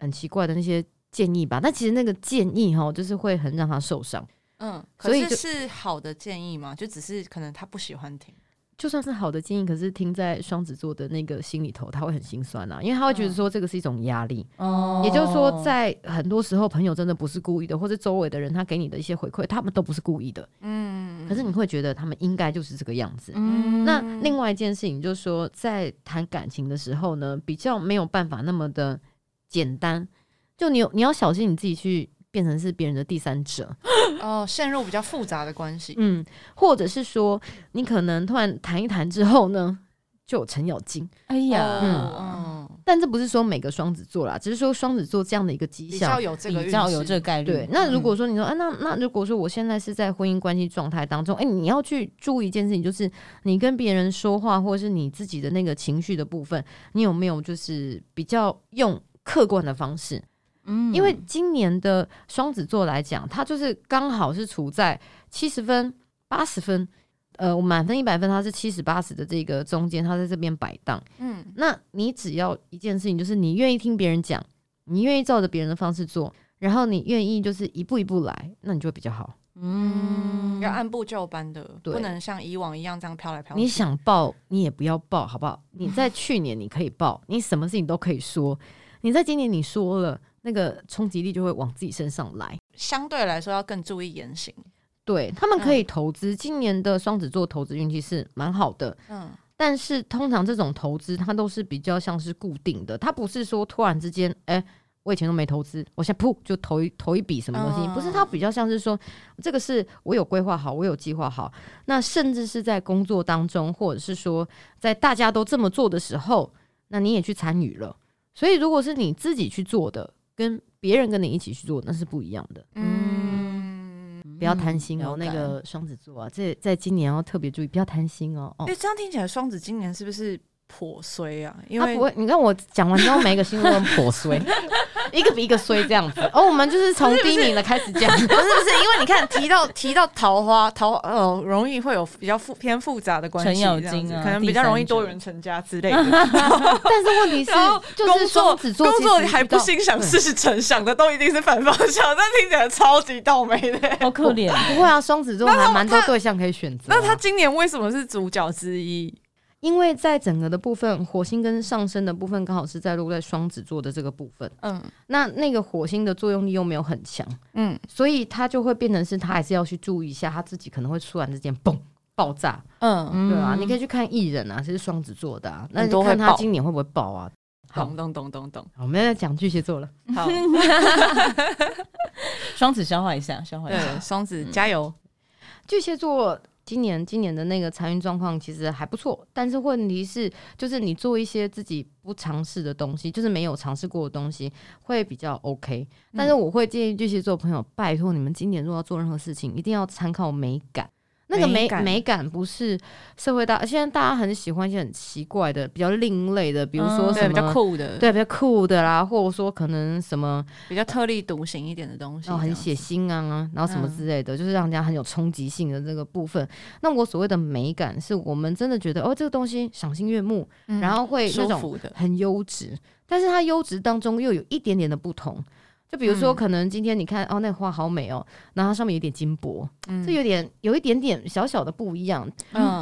很奇怪的那些建議吧。但其實那個建議哈，就是會很讓他受傷。嗯，所以可是是好的建議嗎？就只是可能他不喜歡聽。就算是好的建議，可是聽在雙子座的那個心裡頭，他會很心酸啊，因為他會覺得說這個是一種壓力，嗯。哦，也就是說，在很多時候，朋友真的不是故意的，或者周圍的人他給你的一些回饋，他們都不是故意的。嗯，可是你會覺得他們應該就是這個樣子。嗯，那另外一件事情就是說，在談感情的時候呢，比較沒有辦法那麼的簡單，就你你要小心你自己去。變成是別人的第三者哦，陷入比較複雜的關係。嗯，或者是說，你可能突然談一談之後呢，就有程咬金。哎呀，嗯哦、但這不是說每個雙子座啦，只是說雙子座這樣的一個跡象，比較,比較有這個概率。對，那如果說你說，嗯、啊，那那如果說我現在是在婚姻關係狀態當中，哎、欸，你要去注意一件事情，就是你跟別人說話，或是你自己的那個情緒的部分，你有沒有就是比較用客觀的方式？嗯，因為今年的雙子座來講，它就是剛好是處在七十分、八十分，呃，滿分一百分，它是七十八十的這個中間，它在這邊擺盪。嗯，那你只要一件事情，就是你願意聽別人講，你願意照着別人的方式做，然後你願意就是一步一步來，那你就會比較好。嗯，要按部就班的，對不能像以往一樣這樣飄來飄去。你想報，你也不要報，好不好？你在去年你可以報， 你什麼事情都可以說；你在今年你說了。那個衝擊力就會往自己身上來，相對來說要更注意言行。對他們可以投資，嗯、今年的雙子座投資運氣是蠻好的。嗯，但是通常這種投資，它都是比較像是固定的，它不是說突然之間，哎、欸，我以前都沒投資，我現在噗就投一投一筆什麼東西。嗯、不是，它比較像是說，這個是我有規劃好，我有計劃好。那甚至是在工作當中，或者是說在大家都這麼做的時候，那你也去參與了。所以，如果是你自己去做的。跟別人跟你一起去做，那是不一樣的。嗯，嗯，不要貪心哦，嗯、那個雙子座啊，這在，在今年要特別注意，不要貪心哦哦。因為這樣聽起來，雙子今年是不是？破碎啊，因為、啊、你看我講完之後每一，每個星座都破碎，一個比一個衰這樣子。哦、oh，我們就是從低齡的開始講，是不是？ 不是不是？因為你看提到提到桃花，桃呃容易會有比較複偏複雜的關係，金啊、可能比較容易多元成家之類的。 但是問題是，就是雙子座工作還不心想事成，對想的都一定是反方向，但聽起來超級倒霉的，好可憐。不會啊，雙子座還蠻多對象可以選擇、啊。那他今年為什麼是主角之一？因為在整個的部分，火星跟上升的部分剛好是在落在雙子座的這個部分，嗯，那那個火星的作用力又沒有很強，嗯，所以它就會變成是，他還是要去注意一下，他自己可能會突然之間嘣爆炸，嗯，對啊，你可以去看藝人啊，這是雙子座的，啊，那、嗯、你看他今年會不會爆啊？爆好，咚咚咚咚咚，我們來講巨蟹座了，好，雙 子消化一下，消化一下。雙子加油，嗯，巨蟹座。今年今年的那個財運狀況其實還不錯，但是問題是，就是你做一些自己不嘗試的東西，就是沒有嘗試過的東西，會比較 OK，嗯。但是我會建議巨蟹座朋友，拜托你們今年如果要做任何事情，一定要參考美感。那個美美感，美感不是社會大，現在大家很喜歡一些很奇怪的、比較另類的，比如說是、嗯、比較酷的，對比較酷的啦，或者說可能什麼比較特立獨行一點的東西、哦，很血腥啊，然後什麼之類的，嗯、就是讓人家很有衝擊性的這個部分。那我所謂的美感，是我們真的覺得哦這個東西賞心悅目，嗯、然後會那種很優質，但是它優質當中又有一點點的不同。就比如說，可能今天你看、嗯、哦，那花好美哦，然後它上面有點金箔，這、嗯、有點有一點點小小的不一樣，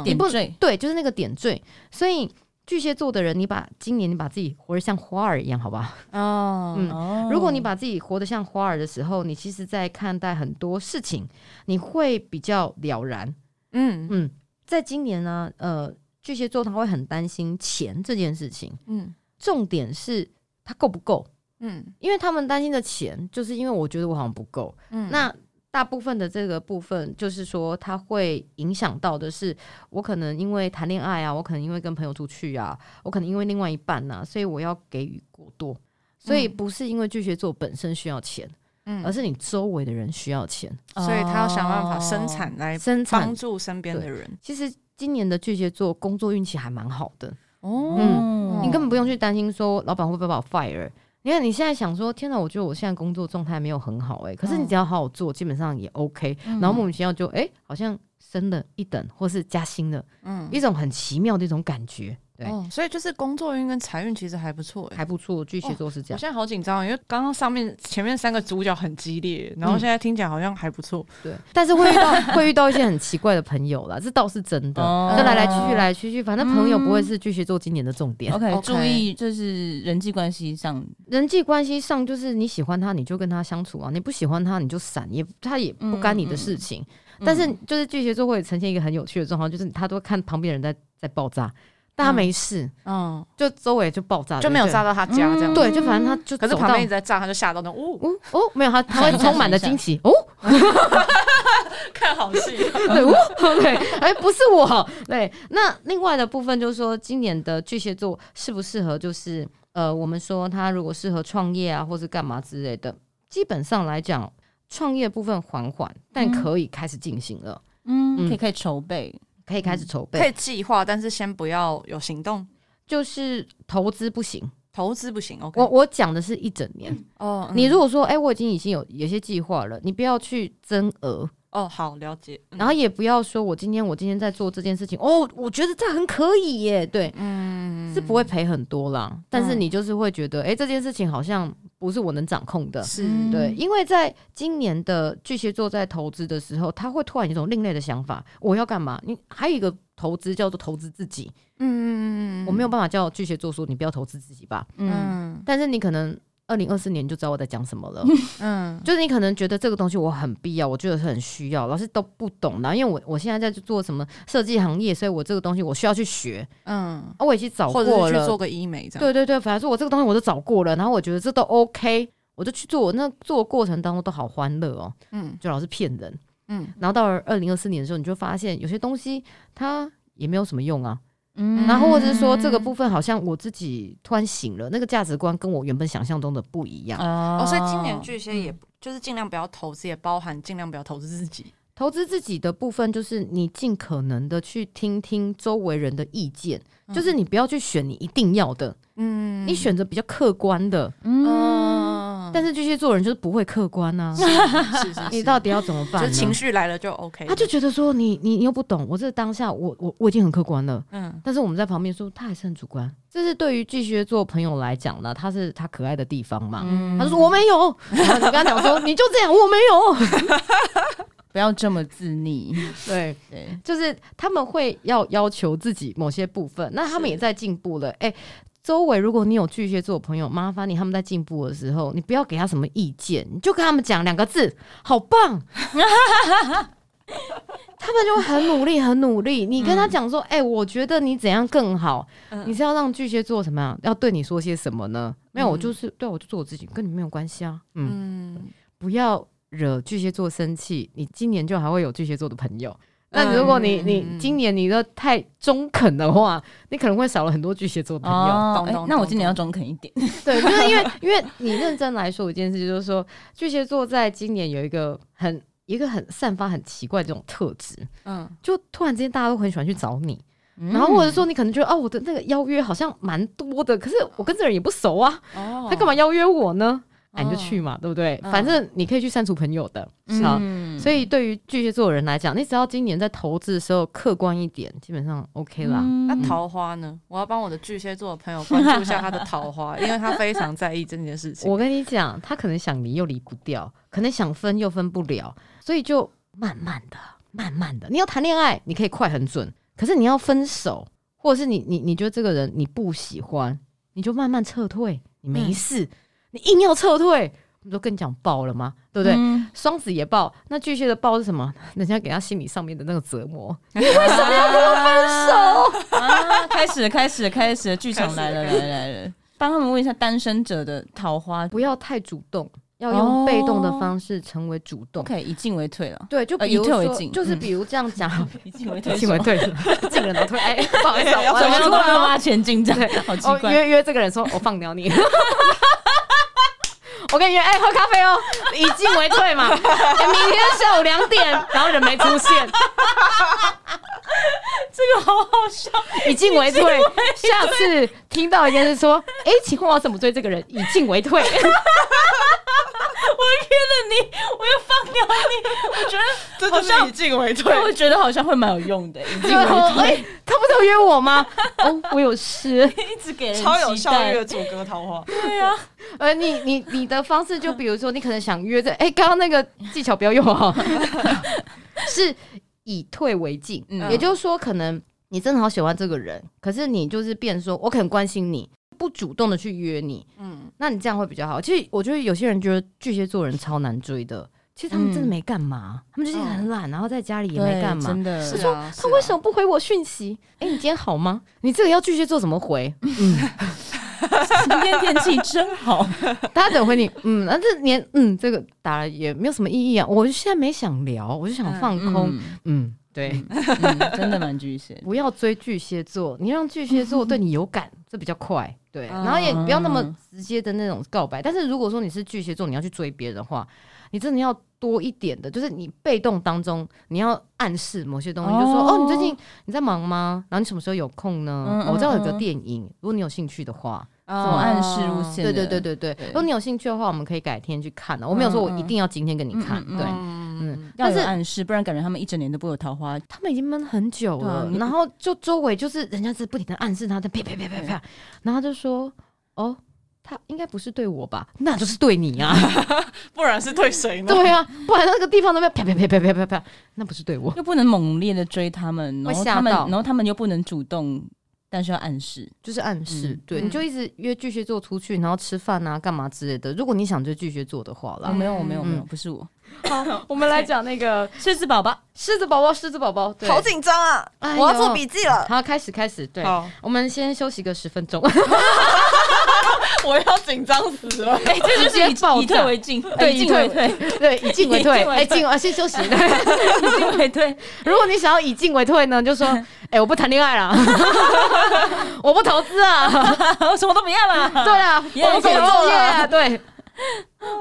點綴，對，就是那個點綴。所以巨蟹座的人，你把今年你把自己活得像花兒一樣好不好，好吧？哦，嗯，哦、如果你把自己活得像花兒的時候，你其實在看待很多事情，你會比較了然。嗯嗯，在今年呢，呃，巨蟹座他會很擔心錢這件事情。嗯，重點是他夠不夠？嗯，因為他們擔心的錢，就是因為我覺得我好像不夠。嗯、那大部分的這個部分，就是說它會影響到的是，我可能因為談戀愛啊，我可能因為跟朋友出去啊，我可能因為另外一半吶、啊，所以我要給予過多。所以不是因為巨蟹座本身需要錢，嗯、而是你周圍的人需要錢，嗯、所以他要想辦法生產來幫助身邊的人、哦。其實今年的巨蟹座工作運氣還蠻好的哦，嗯，哦、你根本不用去擔心說老闆會不會把我 fire。你看，你現在想說，天哪！我覺得我現在工作狀態沒有很好欸，誒，可是你只要好好做，哦，基本上也 OK，嗯。然後莫名其妙就哎，好像升了一等，或是加薪了，嗯，一種很奇妙的一種感覺。對哦、所以就是工作運跟財運其實還不錯、欸，還不錯。巨蟹座是這樣，哦、我現在好緊張，因為剛剛上面前面三個主角很激烈，然後現在聽起來好像還不錯、嗯。對， 但是會遇到會遇到一些很奇怪的朋友啦， 這倒是真的。哦、就來來去去來去去，反正朋友不會是巨蟹座今年的重點。嗯、OK，okay 注意就是人際關係上，人際關係上就是你喜歡他你就跟他相處啊，你不喜歡他你就閃，也他也不干你的事情。嗯嗯、但是就是巨蟹座會呈現一個很有趣的狀況，就是他都看旁邊的人在在爆炸。他沒事，嗯，就周圍就爆炸，就沒有炸到他家這樣。對，就反正他就，可是旁邊一直在炸，他就嚇到那種，哦哦，沒有他，他會充滿了驚奇，哦，看好戲，對，OK，哎，不是我，對。那另外的部分就是說，今年的巨蟹座適不適合，就是呃，我們說他如果適合創業啊，或是幹嘛之類的，基本上來講，創業部分緩緩，但可以開始進行了，嗯，可以可以籌備。可以開始籌備。嗯，可以計劃，但是先不要有行動。就是投資不行，投資不行。Okay，我我講的是一整年哦。嗯，你如果說，哎，欸，我已經已經有有些計劃了，你不要去增額。哦，好了解。嗯、然後也不要說我今天我今天在做這件事情哦，我覺得這樣很可以耶。對，嗯、是不會賠很多啦。但是你就是會覺得，哎、嗯，欸，這件事情好像不是我能掌控的，是對。因為在今年的巨蟹座在投資的時候，他會突然有一種另類的想法，我要幹嘛？你還有一個投資叫做投資自己，嗯，我沒有辦法叫巨蟹座說你不要投資自己吧，嗯，嗯，但是你可能。二零二四年就知道我在講什麼了，嗯， 就是你可能覺得這個東西我很必要，我覺得很需要，老師都不懂的，因為我我現在在做什麼設計行業，所以我這個東西我需要去學，嗯，啊，我也去找過了，或者去做個醫美這樣，對對對，反正說我這個東西我都找過了，然後我覺得這都 OK，我就去做，那做過程當中都好歡樂哦、喔，嗯，就老是騙人，嗯，然後到了二零二四年的時候，你就發現有些東西它也沒有什麼用啊。嗯、然後，或者是說，這個部分好像我自己突然醒了，嗯、那個價值觀跟我原本想象中的不一樣。哦，哦，所以今年巨蟹也，嗯、就是盡量不要投資，也包含盡量不要投資自己。投資自己的部分，就是你盡可能的去聽聽周圍人的意見，嗯、就是你不要去選你一定要的，嗯，你選擇比較客觀的，嗯。嗯但是巨蟹座人就是不會客觀吶、啊，你到底要怎麼辦？就情緒來了就 OK。他就覺得說你你你又不懂，我這當下我我我已經很客觀了。嗯。但是我們在旁邊說他還是很主觀，這是對於巨蟹座朋友來講呢，他是他可愛的地方嘛。嗯。他就說我沒有，你跟他講說你就這樣，我沒有。不要這麼自溺。對對，就是他們會要要求自己某些部分，那他們也在進步了。哎。周圍，如果你有巨蟹座朋友，麻煩你他們在進步的時候，你不要給他什麼意見，你就跟他們講兩個字：好棒。 他們就會很努力，很努力。你跟他講說：“哎、嗯欸，我覺得你怎樣更好？嗯、你是要讓巨蟹座怎麼樣？要對你說些什麼呢？”沒有，我就是、嗯、對我就做我自己，跟你沒有關係啊。嗯，不要惹巨蟹座生氣，你今年就還會有巨蟹座的朋友。那如果你你今年你的太中肯的話，你可能會少了很多巨蟹座朋友，哦欸。那我今年要中肯一點， 對，就是因為因為你認真來說一件事，就是說 巨蟹座在今年有一個很一個很散發很奇怪的這種特質，嗯，就突然之間大家都很喜歡去找你，然後或者說你可能覺得哦、啊、我的那個邀約好像蠻多的，可是我跟這人也不熟啊，哦、他幹嘛邀約我呢？哎，你就去嘛，哦、對不對？反正你可以去刪除朋友的，好、嗯。所以對於巨蟹座的人來講，你只要今年在投資的時候客觀一點，基本上 OK 啦。那、嗯嗯啊、桃花呢？我要幫我的巨蟹座的朋友關注一下他的桃花， 因為他非常在意這件事情。我跟你講，他可能想離又離不掉，可能想分又分不了，所以就慢慢的、慢慢的。你要談戀愛，你可以快很準；可是你要分手，或者是你、你、你覺得這個人你不喜歡，你就慢慢撤退，你沒事。嗯你硬要撤退，不就更講爆了嗎？對不對？雙子也爆，那巨蟹的爆是什麼？人家給他心理上面的那個折磨。你為什麼要跟我分手？開始，開始，開始，劇場來了，來來了。幫他們問一下單身者的桃花，不要太主動，要用被動的方式成為主動。可以以進為退了，對，就以退為進，就是比如這樣講，以進為退，以退為進，進了退，哎，不好意思，怎麼都沒要拉前進？對，好奇怪。約約這個人說，我放掉你。我跟你說，哎、欸，喝咖啡哦、喔，以進為退嘛、 欸。明天下午兩點，然後人沒出現，這個好好笑。以進為退，為退下次聽到一件事說，哎、 欸，請問我怎麼追這個人？以進為退。 我約了你，我要放掉你，我覺得真的是以進為退。我覺得好像會蠻有用的，以進為退。為他，欸、他不都約我嗎？哦、喔，我有事，一直給人超有效率的主歌桃花。對啊、欸，而你你你的。方式就比如說，你可能想約在、這、哎、個，剛、欸、剛那個技巧不要用啊、哦， 是以退為進，嗯、也就是說，可能你真的好喜歡這個人，嗯、可是你就是變說，我肯關心你，不主動的去約你，嗯，那你這樣會比較好。其實我覺得有些人覺得巨蟹座人超難追的，其實他們真的沒幹嘛，嗯、他們就是很懶，然後在家裡也沒幹嘛。是他、嗯、說他為什麼不回我訊息？哎、啊啊欸，你今天好嗎？你這個要巨蟹座怎麼回？嗯 今 天天氣真好，大家等回你？嗯，那、啊、這年嗯，這個打了也沒有什麼意義啊。我現在沒想聊，我就想放空。嗯，嗯，對，嗯、真的蠻巨蟹，不要追巨蟹座，你讓巨蟹座對你有感，嗯、哼這比較快。對，然後也不要那麼直接的那種告白。嗯、但是如果說你是巨蟹座，你要去追別人的話。你真的要多一點的，就是你被動當中你要暗示某些東西，就是說哦，你最近你在忙嗎？然後你什麼時候有空呢？我這有個電影，如果你有興趣的話，怎麼暗示路線？對對對對對，如果你有興趣的話，我們可以改天去看呢。我沒有說我一定要今天跟你看，對，嗯，要有暗示，不然感覺他們一整年都不會有桃花，他們已經悶很久了。然後就周圍就是人家是不停的暗示他，在啪啪啪啪啪，然後就說哦。他應該不是對我吧？那就是對你啊， 不然是對誰呢？ 對啊，不然那個地方都要啪啪啪啪啪啪啪啪，那不是對我，又不能猛烈的追他們，然後他們會嚇到，然，然後他們又不能主動，但是要暗示，就是暗示。嗯、對，嗯、你就一直約巨蟹座出去，然後吃飯啊，幹嘛之類的。如果你想追巨蟹座的話啦、哦，沒有沒有、嗯、沒有，不是我。好，我們來講那個獅子寶寶，獅子寶寶，獅子寶寶，對，好緊張啊！我要做筆記了。好，開始，開始，對，我們先休息個十分鐘。我要緊張死了！哎，這就是以以退為進，對，以進為退，對，以進為退，哎，進，先休息一下。以進為退，如果你想要以進為退呢，就說，哎，我不談戀愛了，我不投資啊，什麼都不要了。對啊，我不投資了，對。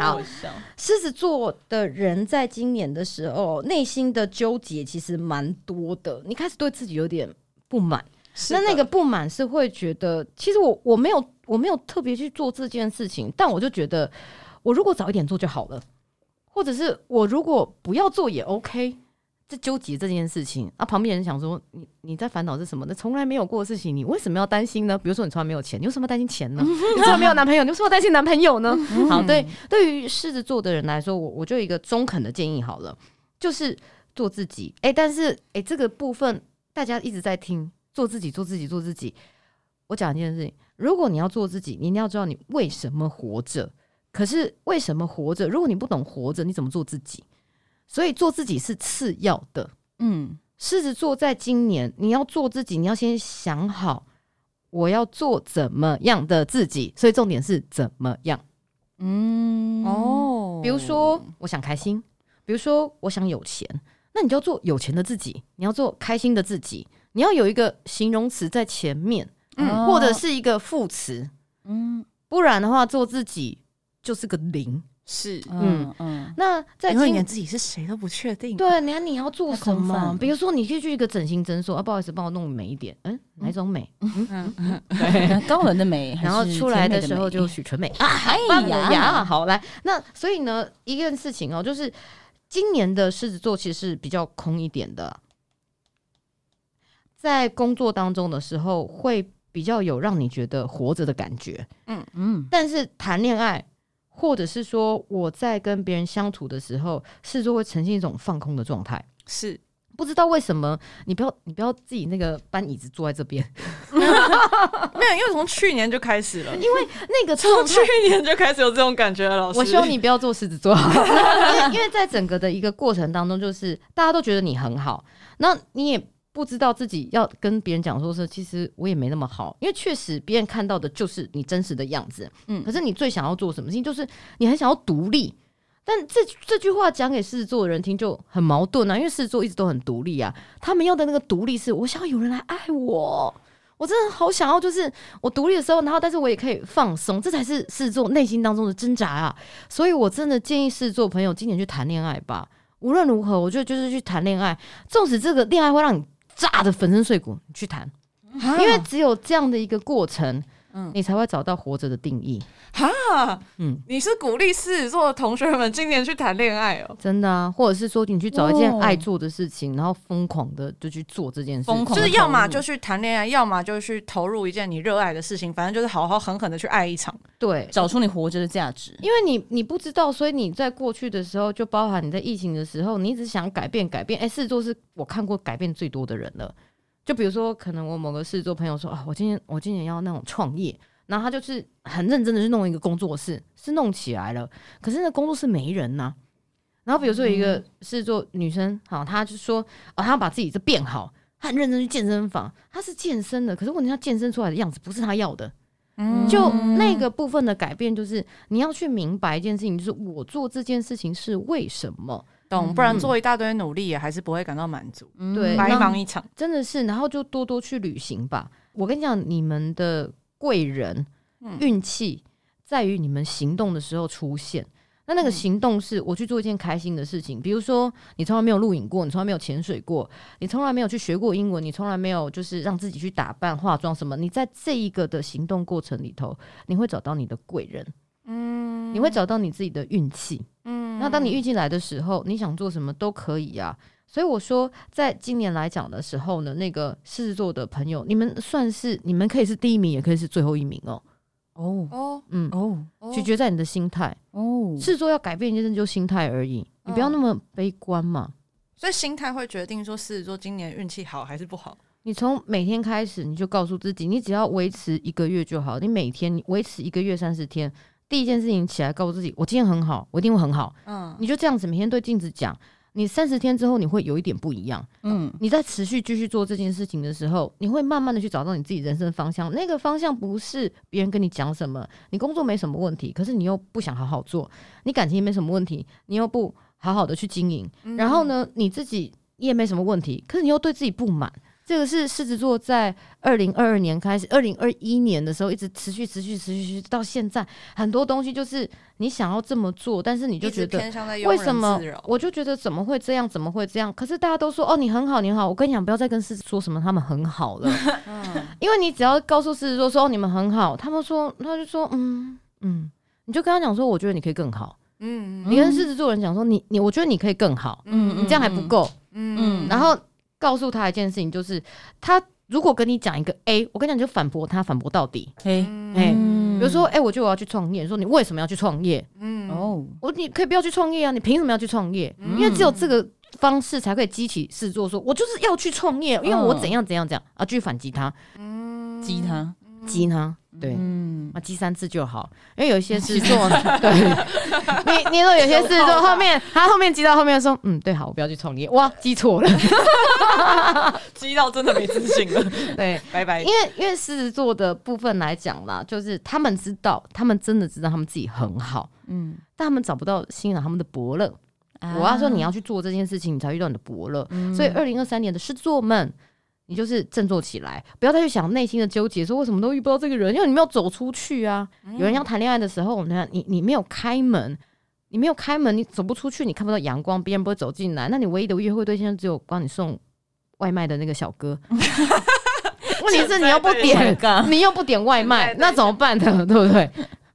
好，獅想子座的人在今年的時候，內心的糾結其實蠻多的。你開始對自己有點不滿，吧那那個不滿是會覺得，其實我我沒有我沒有特別去做這件事情，但我就覺得，我如果早一點做就好了，或者是我如果不要做也 OK。在糾結這件事情啊，旁邊人想說，你你在煩惱是什麼？那從來沒有過的事情，你為什麼要擔心呢？比如說你從來沒有錢，你為什麼要擔心錢呢？你從來沒有男朋友，你為什麼要擔心男朋友呢？ 好，對，對於獅子座的人來說，我我就一個中肯的建議好了，就是做自己。哎，但是哎，這個部分大家一直在聽做自己，做自己，做自己。我講一件事情，如果你要做自己，你一定要知道你為什麼活着。可是為什麼活着？如果你不懂活着，你怎麼做自己？所以做自己是次要的，嗯，獅子座在今年你要做自己，你要先想好我要做怎麼樣的自己，所以重點是怎麼樣，嗯哦，比如說我想開心，比如說我想有錢，那你就做有錢的自己，你要做開心的自己，你要有一個形容詞在前面，嗯，哦、或者是一個副詞，嗯，不然的話，做自己就是個零。是，嗯嗯，嗯那在今年自己是誰都不確定、啊。對，你看你要做什麼？什麼比如說，你可以去一個整形診所啊，不好意思，幫我弄美一點。嗯，嗯哪種美？嗯嗯，高冷的美。對 然後出來的時候就許純美,美,美啊呀，龅牙。好，來，那所以呢，一件事情哦，就是今年的獅子座其實是比較空一點的，在工作當中的時候會比較有讓你覺得活着的感覺。嗯嗯，但是談戀愛。或者是說我在跟別人相處的時候，試着會呈現一種放空的狀態。是。不知道為什麼，你不要你不要自己那個搬椅子，坐在這邊，沒有，因為從去年就開始了。因為那個從去年就開始有這種感覺了，老師。我希望你不要做獅子座，因 為 因為在整個的一個過程當中，就是大家都覺得你很好，那你也。不知道自己要跟別人講說是，其實我也沒那麼好，因為確實別人看到的就是你真實的樣子。嗯，可是你最想要做什麼事情？心就是你很想要獨立，但這這句話講給獅子座的人聽就很矛盾啊，因為獅子座一直都很獨立啊，他們要的那個獨立是，我想要有人來愛我，我真的好想要，就是我獨立的時候，然後但是我也可以放鬆，這才是獅子座內心當中的掙扎啊。所以我真的建議獅子座朋友今年去談戀愛吧，無論如何，我覺得就是去談戀愛，縱使這個戀愛會讓你。炸的粉身碎骨，你去談，哈因為只有這樣的一個過程。嗯、你才會找到活着的定義哈，嗯，你是鼓勵獅子座的同學們今年去談戀愛哦、喔，真的啊？或者是說你去找一件愛做的事情，哦、然後瘋狂的就去做這件事情，就是要麼就去談戀愛，要麼就去投入一件你熱愛的事情，反正就是好好狠狠的去愛一場，對，找出你活着的價值，因為你你不知道，所以你在過去的時候，就包含你在疫情的時候，你一直想改變改變，哎、欸，獅子座是我看過改變最多的人了。就比如說，可能我某個事做朋友說啊，我今年我今年要那種創業，然後他就是很認真的去弄一個工作室，是弄起來了，可是那個工作室沒人吶、啊。然後比如說有一個事做女生，好、啊，他就說啊，他要把自己這變好，她很認真去健身房，他是健身的，可是問題他健身出來的樣子不是他要的，就那個部分的改變，就是你要去明白一件事情，就是我做這件事情是為什麼。懂，不然做一大堆努力也還是不會感到滿足。嗯、對、白忙一場。真的是，然後就多多去旅行吧。我跟你講，你們的貴人、嗯、運氣在於你們行動的時候出現。那那個行動是我去做一件開心的事情，嗯、比如說你從來沒有錄影過，你從來沒有潛水過，你從來沒有去學過英文，你從來沒有就是讓自己去打扮、化妝什麼。你在這一個的行動過程裡頭，你會找到你的貴人，嗯，你會找到你自己的運氣。那當你運氣來的時候，你想做什麼都可以啊。所以我說，在今年來講的時候呢，那個獅子座的朋友，你們算是你們可以是第一名，也可以是最後一名、喔、哦。哦、嗯、哦，嗯哦，取決在你的心態哦。獅子座要改變一件事，就心態而已，哦、你不要那麼悲觀嘛。所以心態會決定說，獅子座今年運氣好還是不好？你從每天開始，你就告訴自己，你只要維持一個月就好。你每天你維持一個月三十天。第一件事情起來告訴自己，我今天很好，我一定會很好。嗯，你就這樣子每天對鏡子講，你三十天之後你會有一點不一樣。嗯，你在持續繼續做這件事情的時候，你會慢慢的去找到你自己人生的方向。那個方向不是別人跟你講什麼，你工作沒什麼問題，可是你又不想好好做，你感情也沒什麼問題，你又不好好的去經營。嗯，然後呢，你自己也沒什麼問題，可是你又對自己不滿。這個是獅子座在二零二二年開始，二零二一年的時候一直持續、持續、持續、到現在。很多東西就是你想要這麼做，但是你就覺得為什麼？我就覺得怎麼會這樣？怎麼會這樣？可是大家都說哦，你很好，你很好。我跟你講，不要再跟獅子說什麼他們很好了，嗯。 因為你只要告訴獅子座說、哦、你們很好，他們說他就說嗯嗯，你就跟他講說我覺得你可以更好，嗯。你跟獅子座人講說你你我覺得你可以更好，嗯。你這樣還不夠，嗯。嗯然後。告訴他一件事情，就是他如果跟你講一個 A，我跟你講，你就反駁他，反駁到底。哎，比如說，哎、欸，我就我要去創業，你說你為什麼要去創業？哦、嗯，我你可以不要去創業啊，你憑什麼要去創業？嗯、因為只有這個方式才可以激起事做，說我就是要去創業，因為我怎樣怎樣怎樣啊，去反擊他，激、嗯、他。記呢？對，啊，記三次就好，因為有些獅子座，對，你你說有些獅子座後面，他後面記到後面說，嗯，對，好，我不要去創業，哇，記錯了，記到真的沒自信了，對，拜拜。因為因為獅子座的部分來講嘛，就是他們知道，他們真的知道他們自己很好，嗯，但他們找不到欣賞他們的伯樂。我要說，你要去做這件事情，你才遇到你的伯樂。所以，二零二三年的獅子座們。你就是振作起來，不要再去想內心的糾結，說為什麼都遇不到這個人，因為你沒有走出去啊。嗯、有人要談戀愛的時候，你你沒有開門，你沒有開門，你走不出去，你看不到陽光，別人不會走進來。那你唯一的約會對象只有幫你送外賣的那個小哥。 問題是你要不點， 你又不點外賣， 那怎麼辦呢？ 對不對？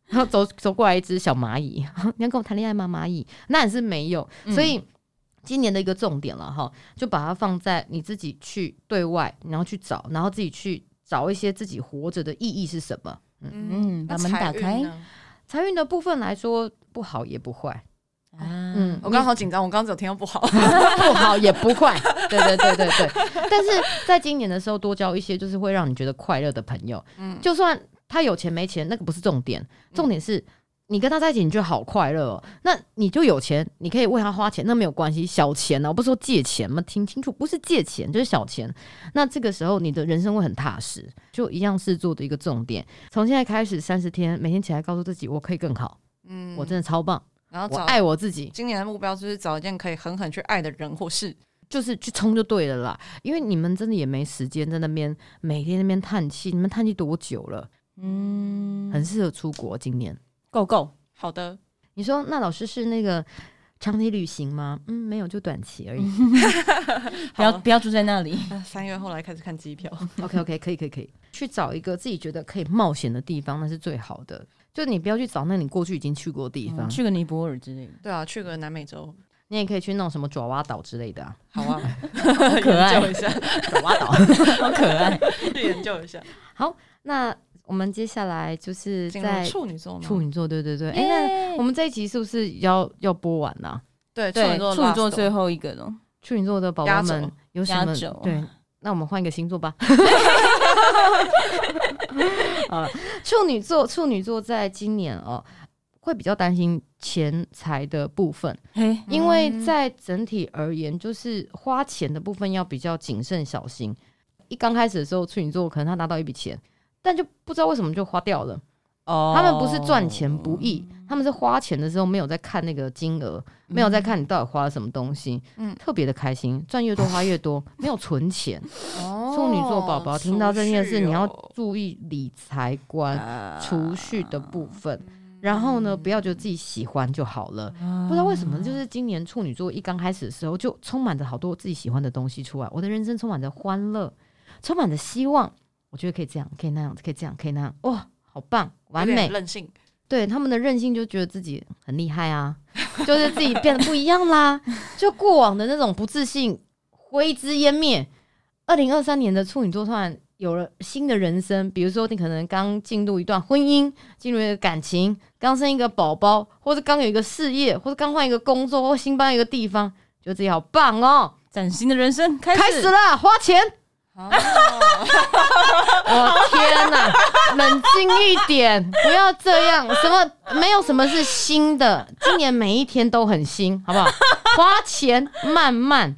然後走走過來一隻小螞蟻， 你要跟我談戀愛嗎？螞蟻？那也是沒有，嗯、所以。今年的一個重點了哈，就把它放在你自己去對外，然後去找，然後自己去找一些自己活着的意義是什麼。嗯，把門打開。財運的部分來說，不好也不壞。嗯，嗯，我剛好緊張，你我剛剛只有聽到不好， 不好也不壞。對對對對對，對。 但是在今年的時候，多交一些就是會讓你覺得快樂的朋友。嗯，就算他有錢沒錢，那個不是重點，重點是。嗯你跟他在一起，你就好快樂哦。那你就有錢，你可以為他花錢，那沒有關係，小錢呢，啊，我不是說借錢嘛，聽清楚，不是借錢，就是小錢。那這個時候，你的人生會很踏實，就一樣是做的一個重點。從現在開始，三十天，每天起來告訴自己，我可以更好，嗯，我真的超棒，然後找我愛我自己。今年的目標就是找一件可以狠狠去愛的人或事，就是去衝就對了啦。因為你們真的也沒時間在那邊每天那邊嘆氣，你們嘆氣多久了？嗯，很適合出國今年。夠夠，go, go 好的。你說那老師是那個長期旅行嗎？嗯，沒有，就短期而已。 好不要不要住在那裡。三月後來開始看機票。OK OK，可以可以可以，去找一個自己覺得可以冒險的地方，那是最好的。就你不要去找那你過去已經去過的地方。嗯，去個尼泊爾之類的。對啊，去個南美洲，你也可以去弄什麼爪哇島之類的啊。好啊， 好可愛研究一下爪哇島，好可愛，去 研究一下。好，那。我們接下來就是在處女座嘛，處女座，女座對對對。哎 Yay!、欸，那我們這一集是不是要要播完呢？啊？對，處對女，女座最後一個呢？處女座的寶寶們有什麼？軸對，那我們換一個星座吧。處軸 女座，處女座在今年哦，喔，會比較擔心錢財的部分，嘿因為在整體而言，就是花錢的部分要比較謹慎小心。嗯、一剛開始的時候，處女座可能他拿到一筆錢。但就不知道為什麼就花掉了。哦，他們不是賺錢不易，他們是花錢的時候沒有在看那個金額，沒有在看你到底花了什麼東西。嗯，特別的開心，賺越多花越多，沒有存錢。處女座寶寶聽到這件事，你要注意理財觀、儲蓄的部分。然後呢，不要就自己喜歡就好了。不知道為什麼，就是今年處女座一剛開始的時候，就充滿着好多我自己喜歡的東西出來。我的人生充滿着歡樂，充滿着希望。我覺得可以這樣，可以那樣，可以這樣，可以那樣，哇，好棒，完美任性。對，他們的任性就覺得自己很厲害啊，就是自己變得不一樣啦。 就過往的那種不自信，灰飛煙滅。二零二三年的處女座突然有了新的人生，比如說你可能剛進入一段婚姻，進入一個感情，剛生一個寶寶，或是剛有一個事業，或是剛換一個工作，或新搬一個地方，覺得自己好棒哦，嶄新的人生開始啦，花錢。啊！我、 哦、天哪！冷靜一點，不要這樣。什麼？沒有什麼是新的，今年每一天都很新，好不好？花錢慢慢，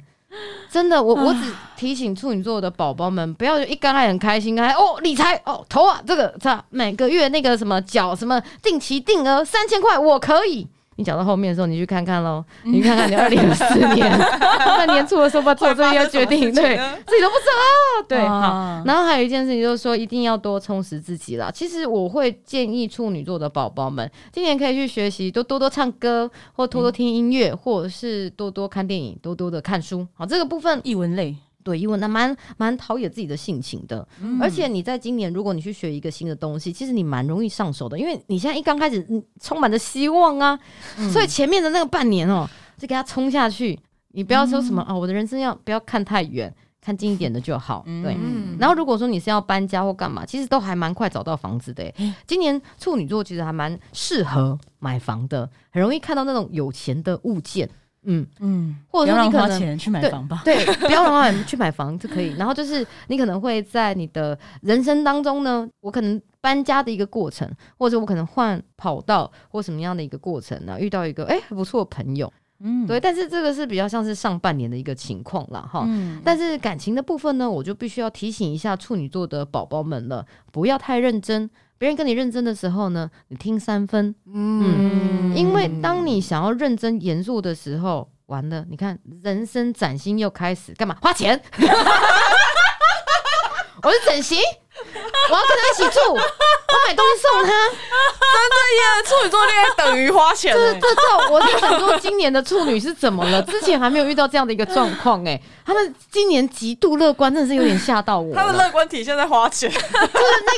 真的。我我只提醒處女座的寶寶們，不要就一剛才很開心，剛才哦理財哦投啊這個這、啊、每個月那個什麼繳什麼定期定額三千塊，我可以。你講到後面的時候，你去看看咯。你看看你二零二四年在、嗯、 年初的時候，把最重要的決定，啊、對自己都不知道、啊，對，哇好。然後還有一件事情就是說，一定要多充實自己啦。其實我會建議處女座的寶寶們，今年可以去學習，多多多唱歌，或多多聽音樂，嗯、或者是多多看電影，多多的看書。好，這個部分，藝文類。對，因為那，蠻蠻陶冶自己的性情的，嗯、而且你在今年如果你去學一個新的東西，其實你蠻容易上手的，因為你現在一剛開始，嗯、充滿着希望啊，嗯、所以前面的那個半年哦、喔，就給他衝下去，你不要說什麼、嗯、啊，我的人生要不要看太遠，看近一點的就好。對，嗯、然後如果說你是要搬家或幹嘛，其實都還蠻快找到房子的，欸。今年處女座其實還蠻適合買房的，很容易看到那種有錢的物件。嗯嗯，或者說你可能去買房吧， 對，不要讓買房去買房就可以。然後就是你可能會在你的人生當中呢，我可能搬家的一個過程，或者我可能換跑道或什麼樣的一個過程呢，遇到一個哎、欸、還不錯的朋友，嗯，對。但是這個是比較像是上半年的一個情況了哈。嗯、但是感情的部分呢，我就必須要提醒一下處女座的寶寶們了，不要太認真。別人跟你認真的時候呢，你聽三分，嗯，嗯，因為當你想要認真嚴肅的時候，完了，你看人生嶄新又開始。幹嘛？花錢， 我是整形。我要跟他一起住，我買東西送他，真的耶！處女座戀愛等於花錢，欸這？這這，我聽很多，今年的處女是怎麼了？之前還沒有遇到這樣的一個狀況，哎，他們今年極度樂觀，真的是有點嚇到我。他的樂觀體現在花錢，就是那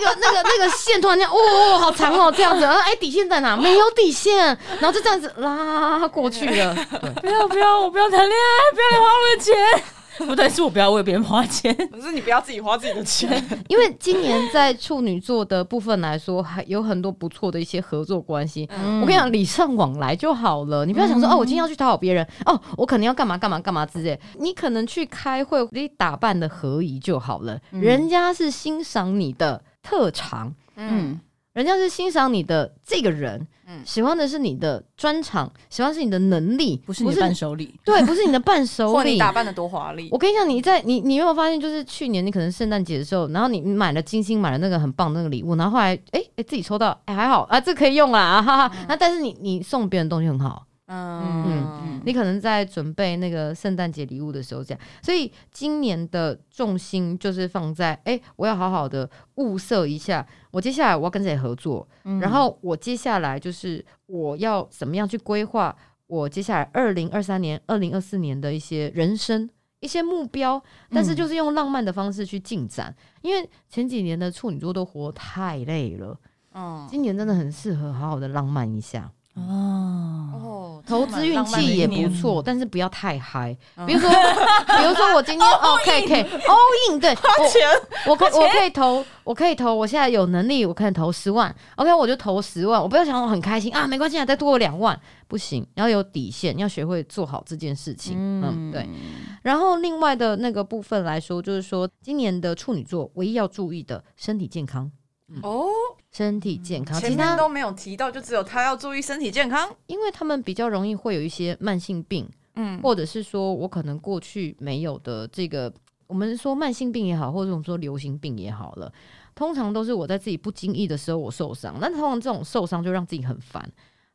個那個那個線突然間，哦哦，哦哦，好長哦，這樣子，哎，底線在哪？沒有底線，然後就這樣子拉過去了。不要不要，我不要談戀愛，不要你花我的錢。不對，是我不要為別人花錢，不是你不要自己花自己的錢。 對 因為今年在處女座的部分來說，還有很多不錯的一些合作關係。嗯、我跟你講，禮尚往來就好了，你不要想說、嗯、哦，我今天要去討好別人哦，我可能要幹嘛幹嘛幹嘛之類。你可能去開會，你打扮的合宜就好了，嗯、人家是欣賞你的特長。嗯。嗯人家是欣賞你的這個人，嗯、喜，喜歡的是你的專長，喜歡是你的能力，不是你的伴手禮，對，不是你的伴手禮， 或你打扮的多華麗。我跟你講，你在你你有沒有發現，就是去年你可能聖誕節的時候，然後你買了金星買了那個很棒的那個禮物，然後後來哎、哎、欸欸、自己抽到哎、欸、還好啊這可以用啦、哈哈、嗯、啊，那但是你你送別人的東西很好。嗯嗯，嗯嗯，你可能在準備那個聖誕節禮物的時候講，所以今年的重心就是放在哎、欸，我要好好的物色一下，我接下來我要跟誰合作，嗯、然後我接下來就是我要怎麼樣去規劃我接下來二零二三年、二零二四年的一些人生、一些目標，但是就是用浪漫的方式去進展，嗯、因為前幾年的處女座都活太累了，嗯，今年真的很適合好好的浪漫一下，哦。投資運氣也不錯，但是不要太嗨、嗯。比如說， 比如說我今天 OK, OK, all in 對，花錢，我可我可以投，我可以投，我現在有能力，我可以投十萬。OK 我就投十萬，我不要想我很開心啊，沒關係，啊，再多我兩萬不行。要有底線，要學會做好這件事情。嗯,嗯，對。然後另外的那個部分來說，就是說今年的處女座唯一要注意的身體健康。嗯、哦，身體健康，嗯、其他都沒有提到，就只有他要注意身體健康，因為他們比較容易會有一些慢性病，嗯，或者是說我可能過去沒有的這個，我們說慢性病也好，或者我們說流行病也好了，通常都是我在自己不經意的時候我受傷，那通常這種受傷就讓自己很煩，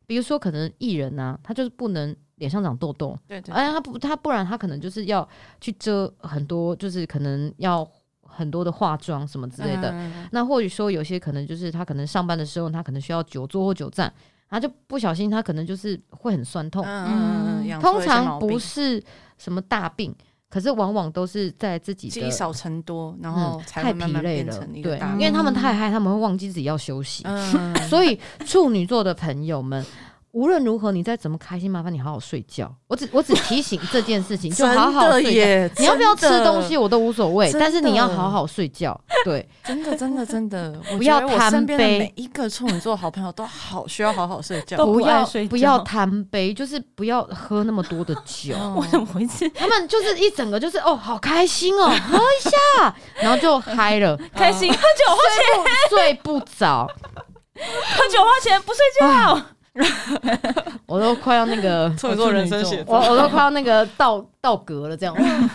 比如說可能藝人吶、啊，他就是不能臉上長痘痘，對，對，對，哎，他不，他不然他可能就是要去遮很多，就是可能要。很多的化妝什麼之類的，嗯、那或許說有些可能就是他可能上班的時候，他可能需要久坐或久站，他就不小心他可能就是會很酸痛。嗯，嗯，通常不是什麼大病，可是往往都是在自己積少成多，然後才會慢慢變成、嗯、太疲累了。對，嗯、因為他們太嗨，他們會忘記自己要休息。嗯嗯、所以處女座的朋友們。無論如何，你再怎麼開心，麻煩你好好睡覺。我只我只提醒這件事情，就好好睡覺。你要不要吃東西，我都無所謂，但是你要好好睡覺。對，真的真的真的，不要貪杯。每一個處女座好朋友都好需要好好睡覺，不要不要貪杯，就是不要喝那麼多的酒。我怎麼回事？他們就是一整個就是哦，好開心哦，喝一下，然後就嗨了，開心喝酒花錢，睡不着，喝酒花錢不睡覺。 我都快要那個， 我都人生 我，我都快要那個倒倒戈了這樣。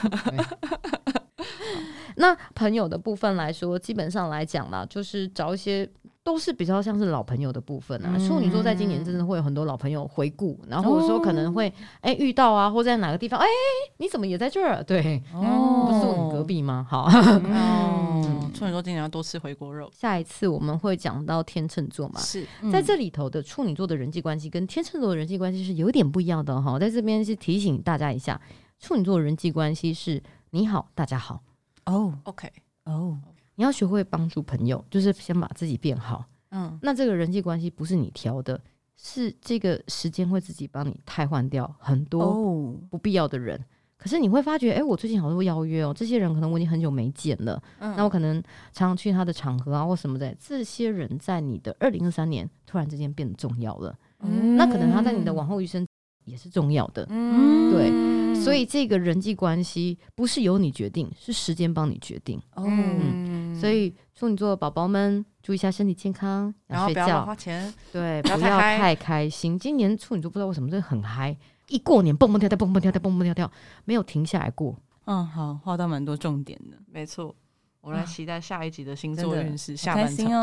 那朋友的部分來說，基本上來講啦，就是找一些。都是比較像是老朋友的部分啊。嗯、處女座在今年真的會有很多老朋友回顧，嗯、然後或者說可能會哎、哦欸、遇到啊，或在哪個地方哎、欸，你怎麼也在這兒？對，哦，嗯、不是我們隔壁嗎？好。處女座今年要多吃回鍋肉。下一次我們會講到天秤座嘛？是，嗯、在這裡頭的處女座的人際關係跟天秤座的人際關係是有點不一樣的哈。在這邊是提醒大家一下，處女座的人際關係是你好，大家好。哦，OK，哦。Okay. 哦你要學會幫助朋友，就是先把自己變好。嗯，那這個人際關係不是你挑的，是這個時間會自己幫你替換掉很多不必要的人。哦、可是你會發覺，哎、欸，我最近好多邀約哦，這些人可能我已經很久沒見了。嗯，那我可能常常去他的場合啊或什麼的，這些人在你的二零二三年突然之間變得重要了。嗯，那可能他在你的往後餘生。也是重要的，嗯，對，所以這個人際關係不是由你決定，是時間幫你決定。哦、嗯嗯，所以處女座的寶寶們，注意一下身體健康，睡覺然後不要花錢，對，不要，不要太開心。今年處女座不知道為什麼真的很嗨，一過年蹦蹦跳跳，蹦蹦跳跳，蹦蹦跳跳，沒有停下來過。嗯，好，畫到蠻多重點的，沒錯。我們來期待下一集的星座運勢，下半場，啊。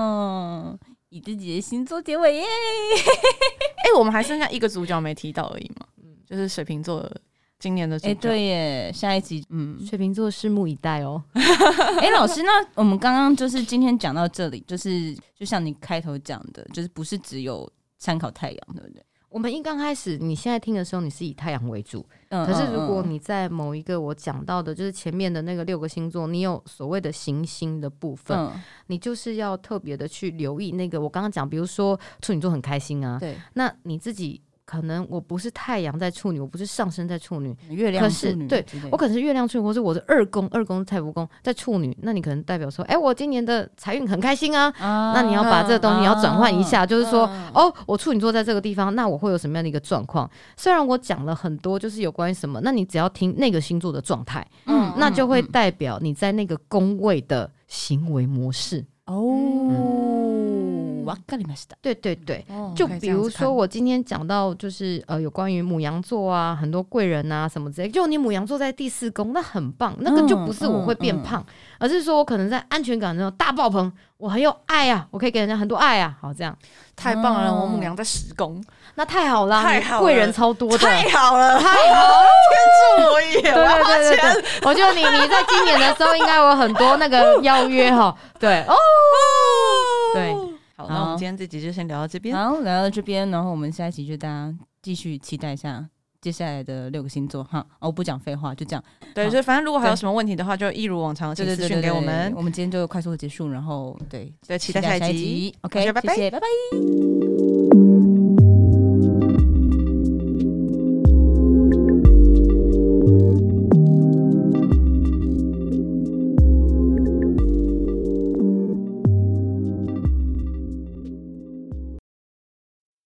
哦。以自己的星座結尾耶！哎、 欸，我們還剩下一個主角沒提到而已嘛，嗯、就是水瓶座今年的，哎、欸，對耶。下一集。嗯，水瓶座拭目以待哦。哎、 欸，老師，那我們剛剛就是今天講到這裡，就是就像你開頭講的，就是不是只有參考太陽，對不對，對？我們一剛開始，你現在聽的時候，你是以太陽為主。嗯嗯嗯，可是如果你在某一個我講到的，就是前面的那個六個星座，你有所謂的行星的部分，嗯，你就是要特別的去留意那個。我剛剛講，比如說處女座很開心啊，對，那你自己。可能我不是太陽在處女，我不是上升在處女，月亮處女可是對、對、對我可能是月亮處女，或是我是二宮，二宮太浮宮在處女，那你可能代表說，哎、欸，我今年的財運很開心啊。哦、那你要把這個東西要轉換一下，哦、就是說，哦、哦，我處女座在這個地方，那我會有什麼樣的一個狀況？嗯、雖然我講了很多，就是有關於什麼，那你只要聽那個星座的狀態，嗯，那就會代表你在那個宮位的行為模式哦。嗯嗯嗯對對對，就比如說我今天講到，就是呃，有關於牡羊座啊，很多貴人啊什麼之類的。就你牡羊座在第四宮，那很棒，那個就不是我會變胖，而是說我可能在安全感那種大爆棚，我很有愛啊，我可以給人家很多愛啊，好這樣，太棒了！嗯、我牡羊在十宮，那太好了，啊、太好了，太好了，貴人超多，太好了，太好了，哦、天助我也！我花 我覺得你你在今年的時候應該有很多那個邀約哈，嗚嗚對哦。好，好，那我們今天這集就先聊到這邊。好，聊到這邊，然後我們下一集就大家繼續期待一下接下來的六個星座哈。哦，不講廢話，就這樣。對，好所以反正如果還有什麼問題的話，對就一如往常直接諮詢給我們對對對。我們今天就快速的結束，然後對，再對期待下一集。一集 OK，拜拜，拜拜。